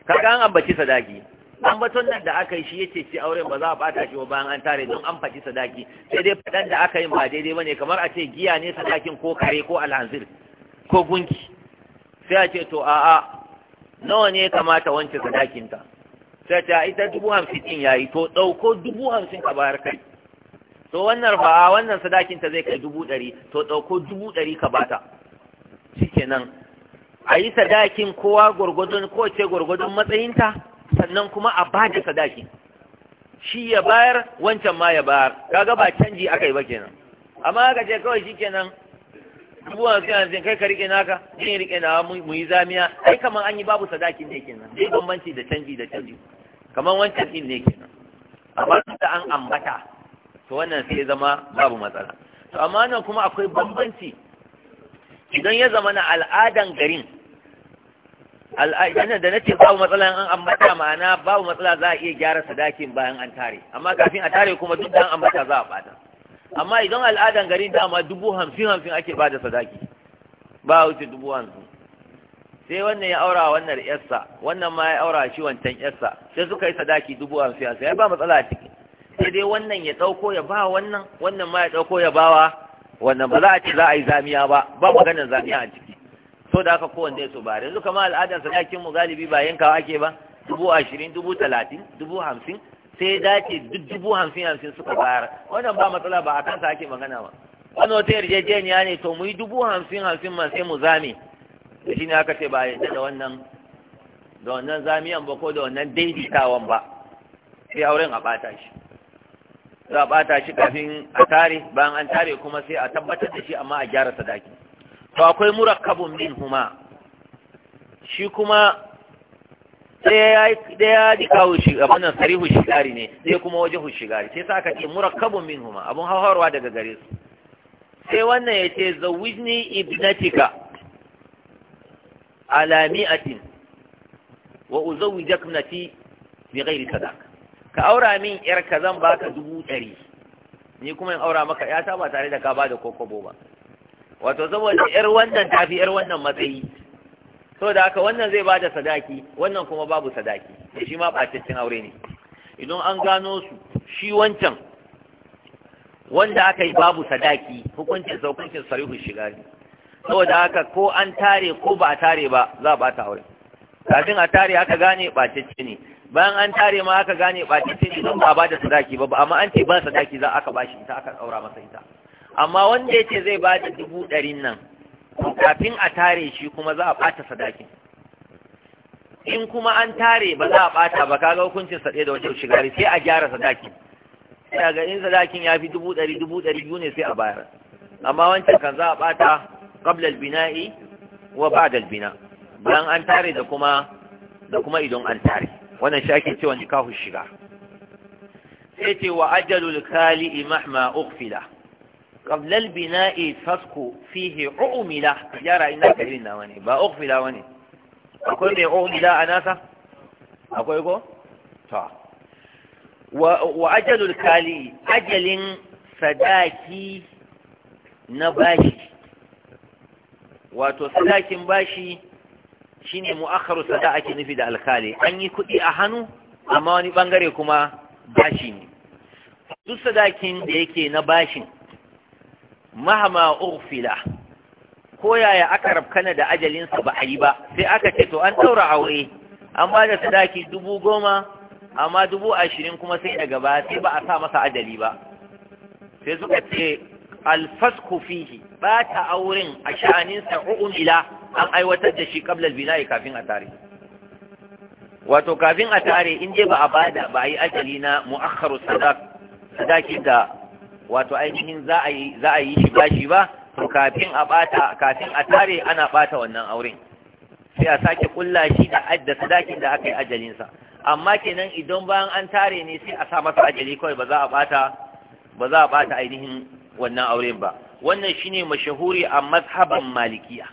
ga an ambaci sadaki ambaton nan da aka yi shi yace ce auren ba za a bata shi ba bayan an tare don an faɗi sadaki sai dai faɗan da aka yi ba daidai bane kamar a ce giya ne sadakin ko kare ko alhanzir ko gunki sai a ce to a'a nawa ne ya kamata wance sadakinta sai ta ita dubu hamsin ɗin ya yi to ɗauko dubu hamsin ka bayar kai to wannan fa wannan sadakinta zai kai dubu ɗari to ɗauko dubu ɗari ka bata shikenan a yi sadakin kowa gwargwadon kowace gwargwadon matsayinta sannan kuma a ba da sadakin shi ya bayar wancan ma ya bayar kaga ba canji aka yi ba kenan amma aka ce kawai shikenan dubu hamsin hamsin kai ka rike naka jin rike nawa mu yi zamiya ai kamar an yi babu sadakin ne kenan dai bambanci da canji da canji kamar wancan din ne kenan amma da an ambata to wannan sai zama babu matsala to amma nan kuma akwai bambanci idan ya zama na al'adan garin al'adan da nace babu matsala an ambata ma'ana babu matsala za a iya gyara sadakin bayan an tare amma kafin a tare kuma duk da an ambata za a bata amma idan al'adan garin dama dubu hamsin hamsin ake ba da sadaki ba wuce dubu hamsin sai wannan ya aura wannan yarsa wannan ma ya aura shi wancan yarsa sai suka yi sadaki dubu hamsin hamsin ya ba matsala a ciki sai dai wannan ya ɗauko ya ba wannan wannan ma ya ɗauko ya bawa wannan ba za a ce za a yi zamiya ba ba maganar zamiya a ciki so da aka kowanne ya so ba yanzu kama al'adan sadakin mu galibi ba yankawa ake ba dubu ashirin dubu talatin dubu hamsin sai dace duk dubu hamsin hamsin suka bayar wannan ba matsala ba a kansa ake magana ba wani wata yarjejeniya ne to mu yi dubu hamsin hamsin ma sai mu zame da shi ne aka ce ba yadda da wannan da wannan zamiyan ba ko da wannan daidaitawan ba sai auren a ɓata shi za a ɓata shi kafin a tare bayan an tare kuma sai a tabbatar da shi amma a gyara sadaki to akwai murakkabun min huma shi kuma da ya ji kawo shi abin nan sarihu shigari ne sai kuma waje hu shigari sai aka ce murakkabun min huma abun hauharwa daga gare su sai wannan ya ce zawijni ibnatika ala mi'atin wa uzawijak nati bi ghairi sadaq ka aura min yar ka zan baka dubu ɗari ni kuma in aura maka ya ba tare da ka bada kokobo ba wato saboda yar wannan tafi yar wannan matsayi da haka wannan zai bada sadaki wannan kuma babu sadaki shi ma bataccen aure ne idan an gano su shi wancan wanda aka yi babu sadaki hukuncin saukuncin sarihu shiga ne saboda haka ko an tare ko ba a tare ba za a bata aure kafin a tare aka gane bacacce ne bayan an tare ma aka gane bacacce ne don ba ba da sadaki ba amma an ce ba sadaki za aka bashi ita aka daura masa ita amma wanda ya ce zai ba da dubu ɗarin nan kafin a tare shi kuma za a ɓata sadakin in kuma an tare ba za a ɓata ba kaga hukuncin sa ɗaya da wajen shigari sai a gyara sadakin sai ga in sadakin ya fi dubu ɗari dubu ɗari biyu ne sai a bayar amma wancan kan za a ɓata qabla binai wa ba bina bayan an tare da kuma da kuma idon an tare wannan shi ake cewa kahu shiga sai ce wa ajalul khali'i mahma ukfila قبل البناء تسكو فيه عملة جارة إنا كبيرين نواني با أغفل واني أقول بي عملة أناسة أقول يقول تا وأجل الكالي أجل sadaki na bashi wato sadakin bashi shine mu'akharu sadaki ake nufi da alkali an yi kuɗi a hannu amma wani bangare kuma bashi ne duk sadakin da yake na bashin mahama urfila ko yaya aka rabkana da ajalinsa ba a yi ba sai aka ce to an ɗaura aure an ba da sadaki dubu goma amma dubu ashirin kuma sai daga baya sai ba a sa masa ajali ba sai suka ce alfasku fihi ba ta auren a sha'aninsa ru'un an aiwatar da shi kablal bina'i kafin a tare wato kafin a tare in je ba a bada ba a yi ajali na mu'akharu sadaki da wato ainihin za a yi za a yi shi bashi ba to kafin a bata kafin a tare ana bata wannan auren sai a sake kulla shi da adda sadakin da aka yi ajalin sa amma kenan idan bayan an tare ne sai a sa masa ajali kawai ba za a bata ba za a bata ainihin wannan auren ba wannan shine mashahuri a mazhaban malikiya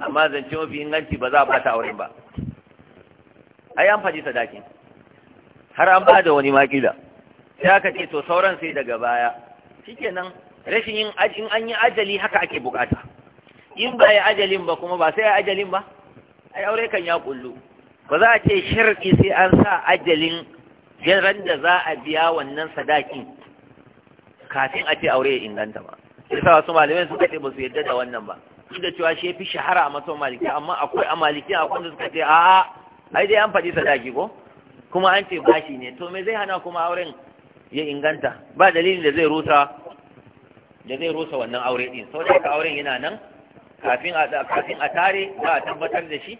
amma zance mafi inganci ba za a bata auren ba ai an faɗi sadakin har an ba da wani makila ya ka ce to sauran sai daga baya nan, rashin yin in an yi ajali haka ake bukata in ba ya ajalin ba kuma ba sai ya ajalin ba ai aure kan ya kullu ba za a ce shirki sai an sa ajalin jiran da za a biya wannan sadakin kafin a ce aure ya inganta ba yasa wasu malamai suka ce ba su yadda da wannan ba duk da cewa shi fi shahara a masu maliki amma akwai a maliki akwai da suka ce a'a ai dai an faɗi sadaki ko kuma an ce bashi ne to me zai hana kuma auren ya inganta ba dalilin da zai rusa da zai rusa wannan aure din saboda da auren yana nan kafin a kafin a tare za a tabbatar da shi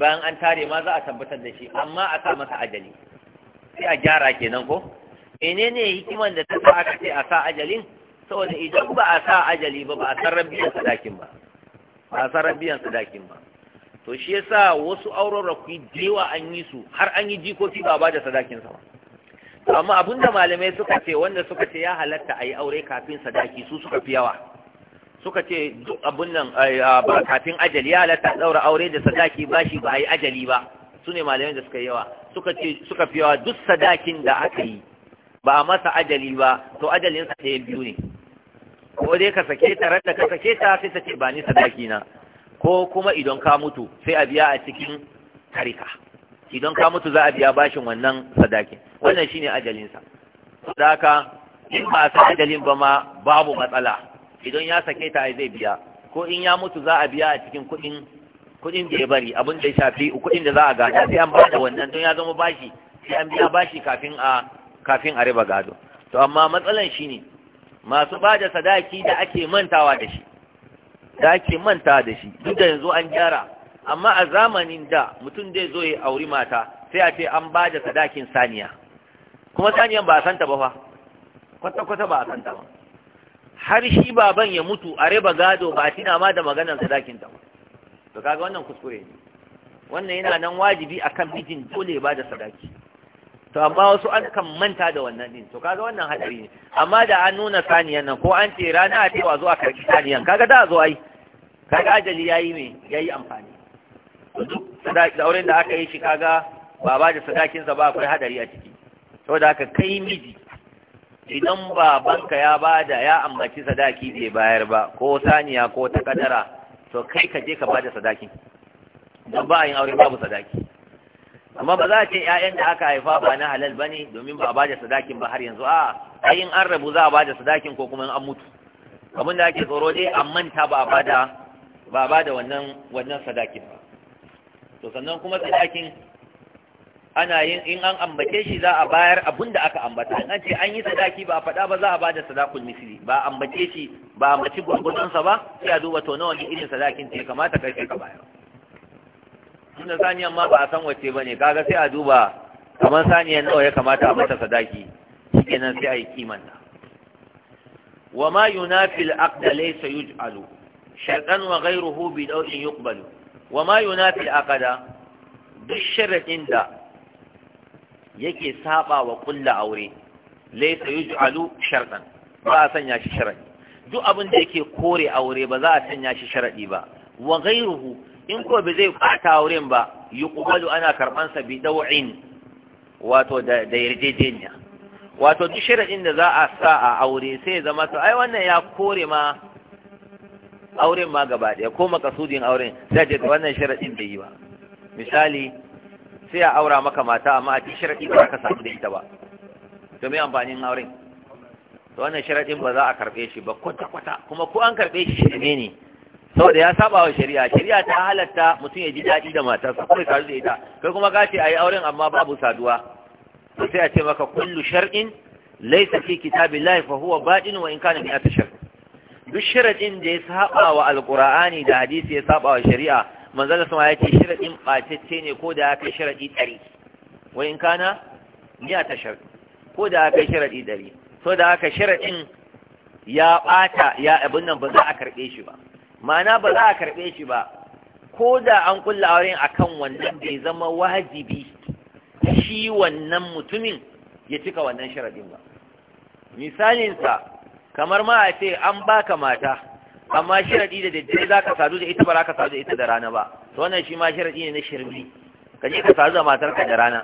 bayan an tare ma za a tabbatar da shi amma a sa masa ajali sai a gyara kenan ko ne hikiman da ta sa aka ce a sa ajalin saboda idan ba a sa ajali ba ba a san rabiyan sadakin ba ba a san rabiyan sadakin ba to shi yasa wasu auren rakwi da yawa an yi su har an yi jikoki ba ba da sadakin sa ba amma abinda malamai suka ce wanda suka ce ya halatta a yi aure kafin sadaki su suka fi yawa suka ce duk abin nan ba kafin ajali ya halatta daura aure da sadaki ba shi ba a yi ajali ba su ne malamai da suka yawa suka ce suka fi yawa duk sadakin da aka yi ba a masa ajali ba to ajalinsa ɗaya biyu ne ko dai ka sake ta ranta ka sake ta sai ta ce ba ni sadaki na ko kuma idan ka mutu sai a biya a cikin tarika idan ka mutu za a biya bashin wannan sadakin wannan shine ajalinsa da haka in ba san ajalin ba ma babu matsala idan ya sake ta zai biya ko in ya mutu za a biya a cikin kuɗin kuɗin da ya bari abin da ya shafi kuɗin da za a gada sai an bada wannan don ya zama bashi sai an biya bashi kafin a kafin a riba gado to amma matsalan shine masu bada sadaki da ake mantawa da shi da ake mantawa da shi duk da yanzu an gyara amma a zamanin da mutum zai zo ya auri mata sai a ce an bada sadakin saniya kuma saniyan ba a santa ba fa kwata-kwata ba a santa ba har shi baban ya mutu a riba gado ba a tina ma da maganar sadakin ta ba to kaga wannan kuskure ne wannan yana nan wajibi a kan mijin dole ba da sadaki to amma wasu an kan manta da wannan din to kaga wannan hadari ne amma da an nuna saniyan nan ko an ce rana a cewa zuwa karki saniyan kaga da zo ai kaga ajali yayi me yayi amfani duk sadaki da auren da aka yi shi kaga ba ba da sadakin sa ba akwai hadari a ciki saboda haka kai miji idan babanka ya bada ya ambaci sadaki bai bayar ba ko saniya ko ta kadara to kai ka je ka bada sadaki don ba yin aure babu sadaki amma ba za a ce ƴaƴan da aka haifa ba na halal ba ne domin ba a bada sadakin ba har yanzu a ayin an rabu za a bada sadakin ko kuma an mutu abin da ake tsoro dai an manta ba a bada ba a wannan sadakin ba to sannan kuma sadakin ana yin in an ambace shi za a bayar abun da aka ambata in an ce an yi sadaki ba a faɗa ba za a bada da sadakul misli ba a ambace shi ba a ambaci gurgurdunsa ba sai a duba to nawa ne irin sadakin ta ya kamata kai ka bayar tunda saniyan ma ba a san wace ba ne kaga sai a duba kamar saniyan nawa ya kamata a mata sadaki shikenan sai a yi kimanta wa ma yunafi al-aqd laysa yuj'alu shartan wa ghayruhu bi dawin yuqbalu wa ma yunafil al-aqda duk sharadin da yake saba wa kulla aure laysa yuj'alu shartan ba a sanya shi sharadi duk abin da yake kore aure ba za a sanya shi sharadi ba wa ghayruhu in ko ba zai fata auren ba yuqbalu ana karban sa bi daw'in wato da yarjejeniya wato duk sharadin da za a sa a aure sai ya zama to ai wannan ya kore ma auren ma gaba daya ko makasudin auren sai wannan sharadin da yi ba misali sai a aura maka mata amma a cikin sharaɗi ba ka samu da ita ba to me amfanin auren to wannan sharaɗin ba za a karɓe shi ba kwata-kwata kuma ko an karɓe shi shirme ne saboda ya saba wa shari'a shari'a ta halatta mutum ya ji daɗi da matarsa kuma ya da ita kai kuma ka ce a yi auren amma babu saduwa to sai a ce maka kullu shar'in laysa fi kitabillahi fa huwa batin wa in kana min atashar duk sharaɗin da ya saba wa alqur'ani da hadisi ya saba wa shari'a manzala sama ya ce sharaɗin ɓatacce ne ko da ya kai sharaɗi ɗari wa kana ya ta tashar ko da ya kai sharaɗi ɗari so da haka sharaɗin ya ɓata ya abin nan ba za a karɓe shi ba ma'ana ba za a karɓe shi ba ko da an kulla auren kan wannan bai zama wajibi shi wannan mutumin ya cika wannan sharaɗin ba misalinsa kamar ma a ce an baka mata amma sharadi da daddare za ka sadu da ita ba za ka sadu da ita da rana ba to wannan shi ma sharadi ne na shirmi ka je ka sadu da matarka da rana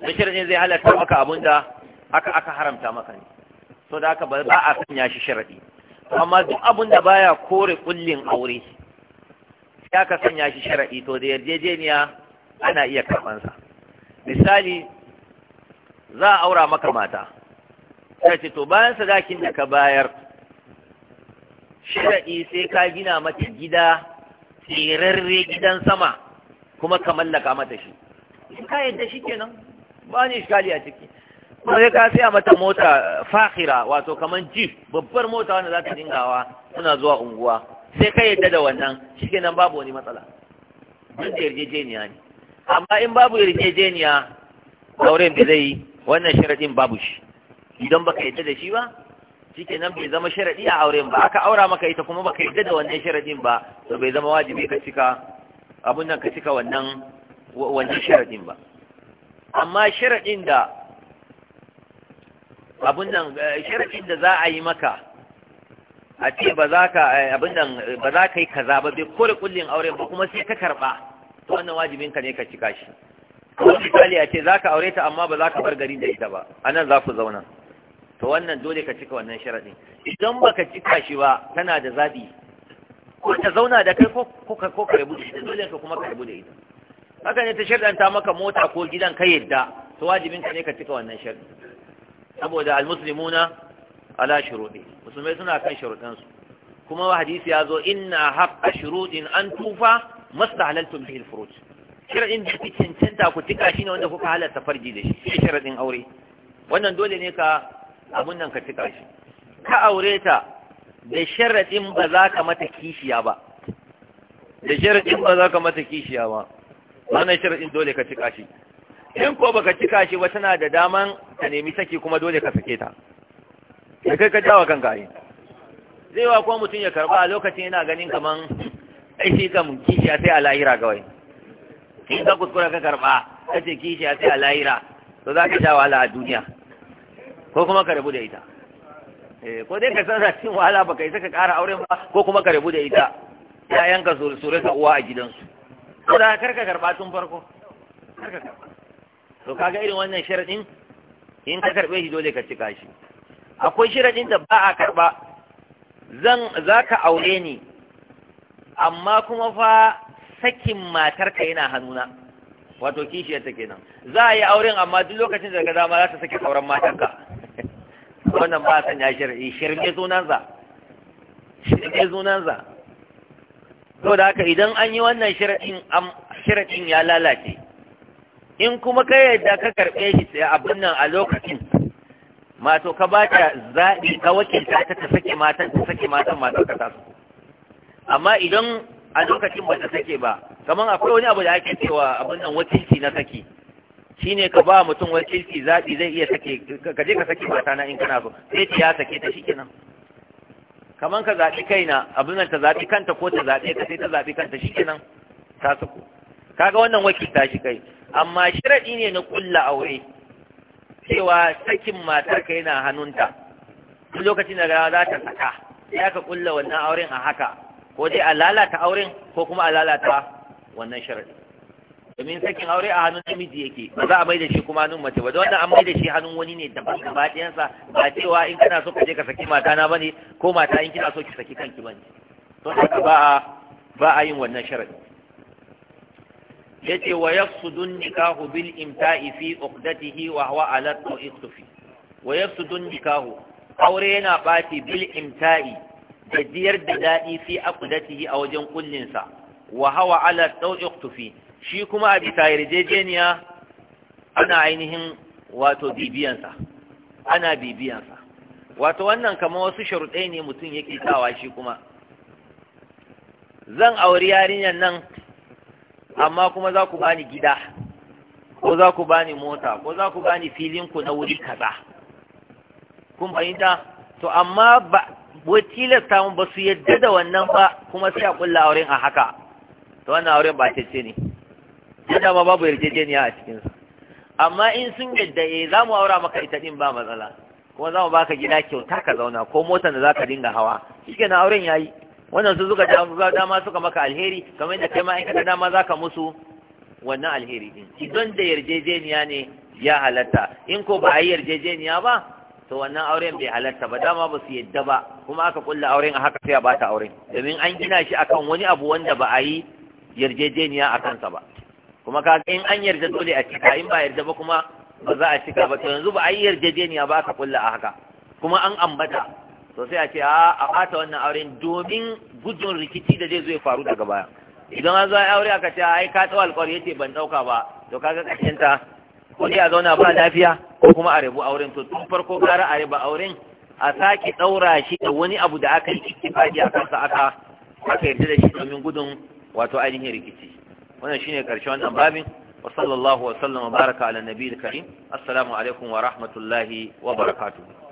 da sharadin zai halatta maka abin da aka aka haramta maka ne so da haka ba a sanya shi sharadi amma duk abun da baya kore kullin aure sai aka sanya shi sharadi to da yarjejeniya ana iya sa misali za a aura maka mata sai to bayan sadakin da ka bayar sharaɗi sai ka gina mata gida tsirarre gidan sama kuma ka mallaka mata shi in ka yadda shi kenan ba ne shikali a ciki kuma sai ka siya mata mota fahira wato kamar jeep babbar mota wanda za ta dingawa suna zuwa unguwa sai ka yadda da wannan shi kenan babu wani matsala duk da yarjejeniya ne amma in babu yarjejeniya auren da zai yi wannan sharaɗin babu shi idan baka yadda da shi ba nan bai zama sharadi a auren ba aka aura maka ita kuma baka yadda da wannan sharadin ba to bai zama wajibi ka cika abun nan ka cika wannan wannan sharadin ba amma sharadin da abun nan eh, sharadin da za a yi maka a ce ba za ka eh, abun nan ba za ka yi kaza ba bai kore kullin auren ba kuma sai ka karba to wannan wajibin ka ne ka cika shi misali a ce za ka aure ta amma ba za ka bar garin da ita ba anan za ku zauna to wannan dole ka cika wannan sharaɗin idan baka cika shi ba tana da zaɓi ko ta zauna da kai ko ka ko bude. ita dole ka kuma ka rabu da ita haka ne ta sharɗanta maka mota ko gidan ka yadda to wajibin ka ne ka cika wannan sharɗi saboda almuslimuna ala shuruɗi musulmai suna kan shuruɗansu kuma hadisi ya zo inna haqqa shuruɗin an tufa mastahlaltum bihi al Sharaɗin sharadin da kuke cancanta ku tika shine wanda kuka halarta farji da shi sharaɗin aure wannan dole ne ka abun nan ka ci shi ka aure ta da sharaɗin ba za ka mata kishiya ba da sharaɗin ba za ka mata kishiya ba wannan sharaɗin dole ka ci kashi in ko baka ci kashi ba tana da daman ta nemi saki kuma dole ka sake ta da kai ka jawa kan gari zai wa kuma mutum ya karba a lokacin yana ganin kaman aiki kam kishiya sai a lahira wai. in ka kuskura ka karba kace kishiya sai a lahira to za ka sha wahala a duniya ko kuma ka rabu da ita eh, ko dai ka san cin wahala ba isa ka ƙara auren ba ko kuma ka rabu da ita Ya yanka su rasa uwa a gidansu ko da karka karba tun farko karka karɓa to kaga irin wannan sharadin in ka karbe shi dole ka cika shi akwai sharadin da ba a karɓa zan zaka aure ni amma kuma fa sakin matarka yana hannuna wato kishiyar ta kenan za a yi auren amma duk lokacin da ga dama za ta sake auren matarka wannan ba san ya shirye shirme sunansa shirme sunansa da haka idan an yi wannan shir'in am shir'in ya lalace in kuma ka yadda ka karbe shi sai abin nan a lokacin mato ka ba ta zaɓi ka wace ta ta sake matan ta sake matan ma ka ta amma idan a lokacin ba ta sake ba kamar akwai wani abu da ake cewa abin nan wakilci na saki Shi ne ka ba mutum wani kirki zaɓi zai iya sake ka je ka sake mata na in kana so sai ta ya sake ta shikenan kaman ka zaɓi kaina abin nan ta zaɓi kanta ko ta zaɓe ka sai ta zaɓi kanta shikenan ta sako kaga wannan wakil ta shi kai amma sharaɗi ne na ƙulla aure cewa sakin matar ka yana hannunta duk lokacin da za ta saka Ya ka ƙulla wannan auren a haka ko dai a lalata auren ko kuma a lalata wannan sharaɗi domin sakin aure a hannun namiji yake ba za a mai da shi kuma hannun mace ba da wannan an mai da shi hannun wani ne daban gaba ɗayansa ba cewa in kana so ka je ka saki mata na bane ko mata in kina so ki saki kanki bane to haka ba a ba a yin wannan sharadi
yace wa yafsudu
nikahu bil imta'i fi uqdatihi wa huwa ala tuqtufi wa yafsudu nikahu aure yana bati bil imta'i da diyar da dadi fi aqdatihi a wajen kullinsa wa hawa ala tuqtufi shi kuma a bisa yarjejeniya ana ainihin wato bibiyansa ana bibiyansa wato wannan kamar wasu sharuɗai ne mutum yake sawa shi kuma zan auri yarinyar nan amma kuma za ku bani gida ko za ku bani mota ko za ku bani filinku na wuri kaza kun fahimta to amma ba tilasta mun ba su yadda da wannan ba kuma sai a ƙulla auren a haka to wannan auren ba ce ne ya dama babu yarjejeniya a cikinsa amma in sun yadda eh za mu aura maka ita din ba matsala kuma za mu baka gida kyauta ka zauna ko motar da za ka dinga hawa shi na auren ya yi wannan su suka dama suka maka alheri kamar yadda kai ma in dama za ka musu wannan alheri din idan da yarjejeniya ne ya halatta in ko ba a yi yarjejeniya ba to wannan auren bai halatta ba dama ba su yadda ba kuma aka kulla auren a haka sai a bata auren domin an gina shi akan wani abu wanda ba a yi yarjejeniya a kansa ba kuma ka in an yarda dole a cika in ba yarda ba kuma ba za a cika ba to yanzu ba ai yarjejeniya ba ka kulla a haka kuma an ambata to sai a ce a a bata wannan auren domin gudun rikici da zai zo ya faru daga baya idan an zo ai aure aka ce ai ka tsawal alƙawari yace ban dauka ba to kaga kashin ta ko dai a zauna ba lafiya ko kuma a rabu auren to tun farko gara a raba auren a sake ɗaura shi da wani abu da aka yi kifaji a kansa aka aka yarda da shi domin gudun wato ainihin rikici wannan shine karshe wannan babin wa sallallahu wa sallama baraka ala nabiyil karim assalamu alaikum wa rahmatullahi wa barakatuh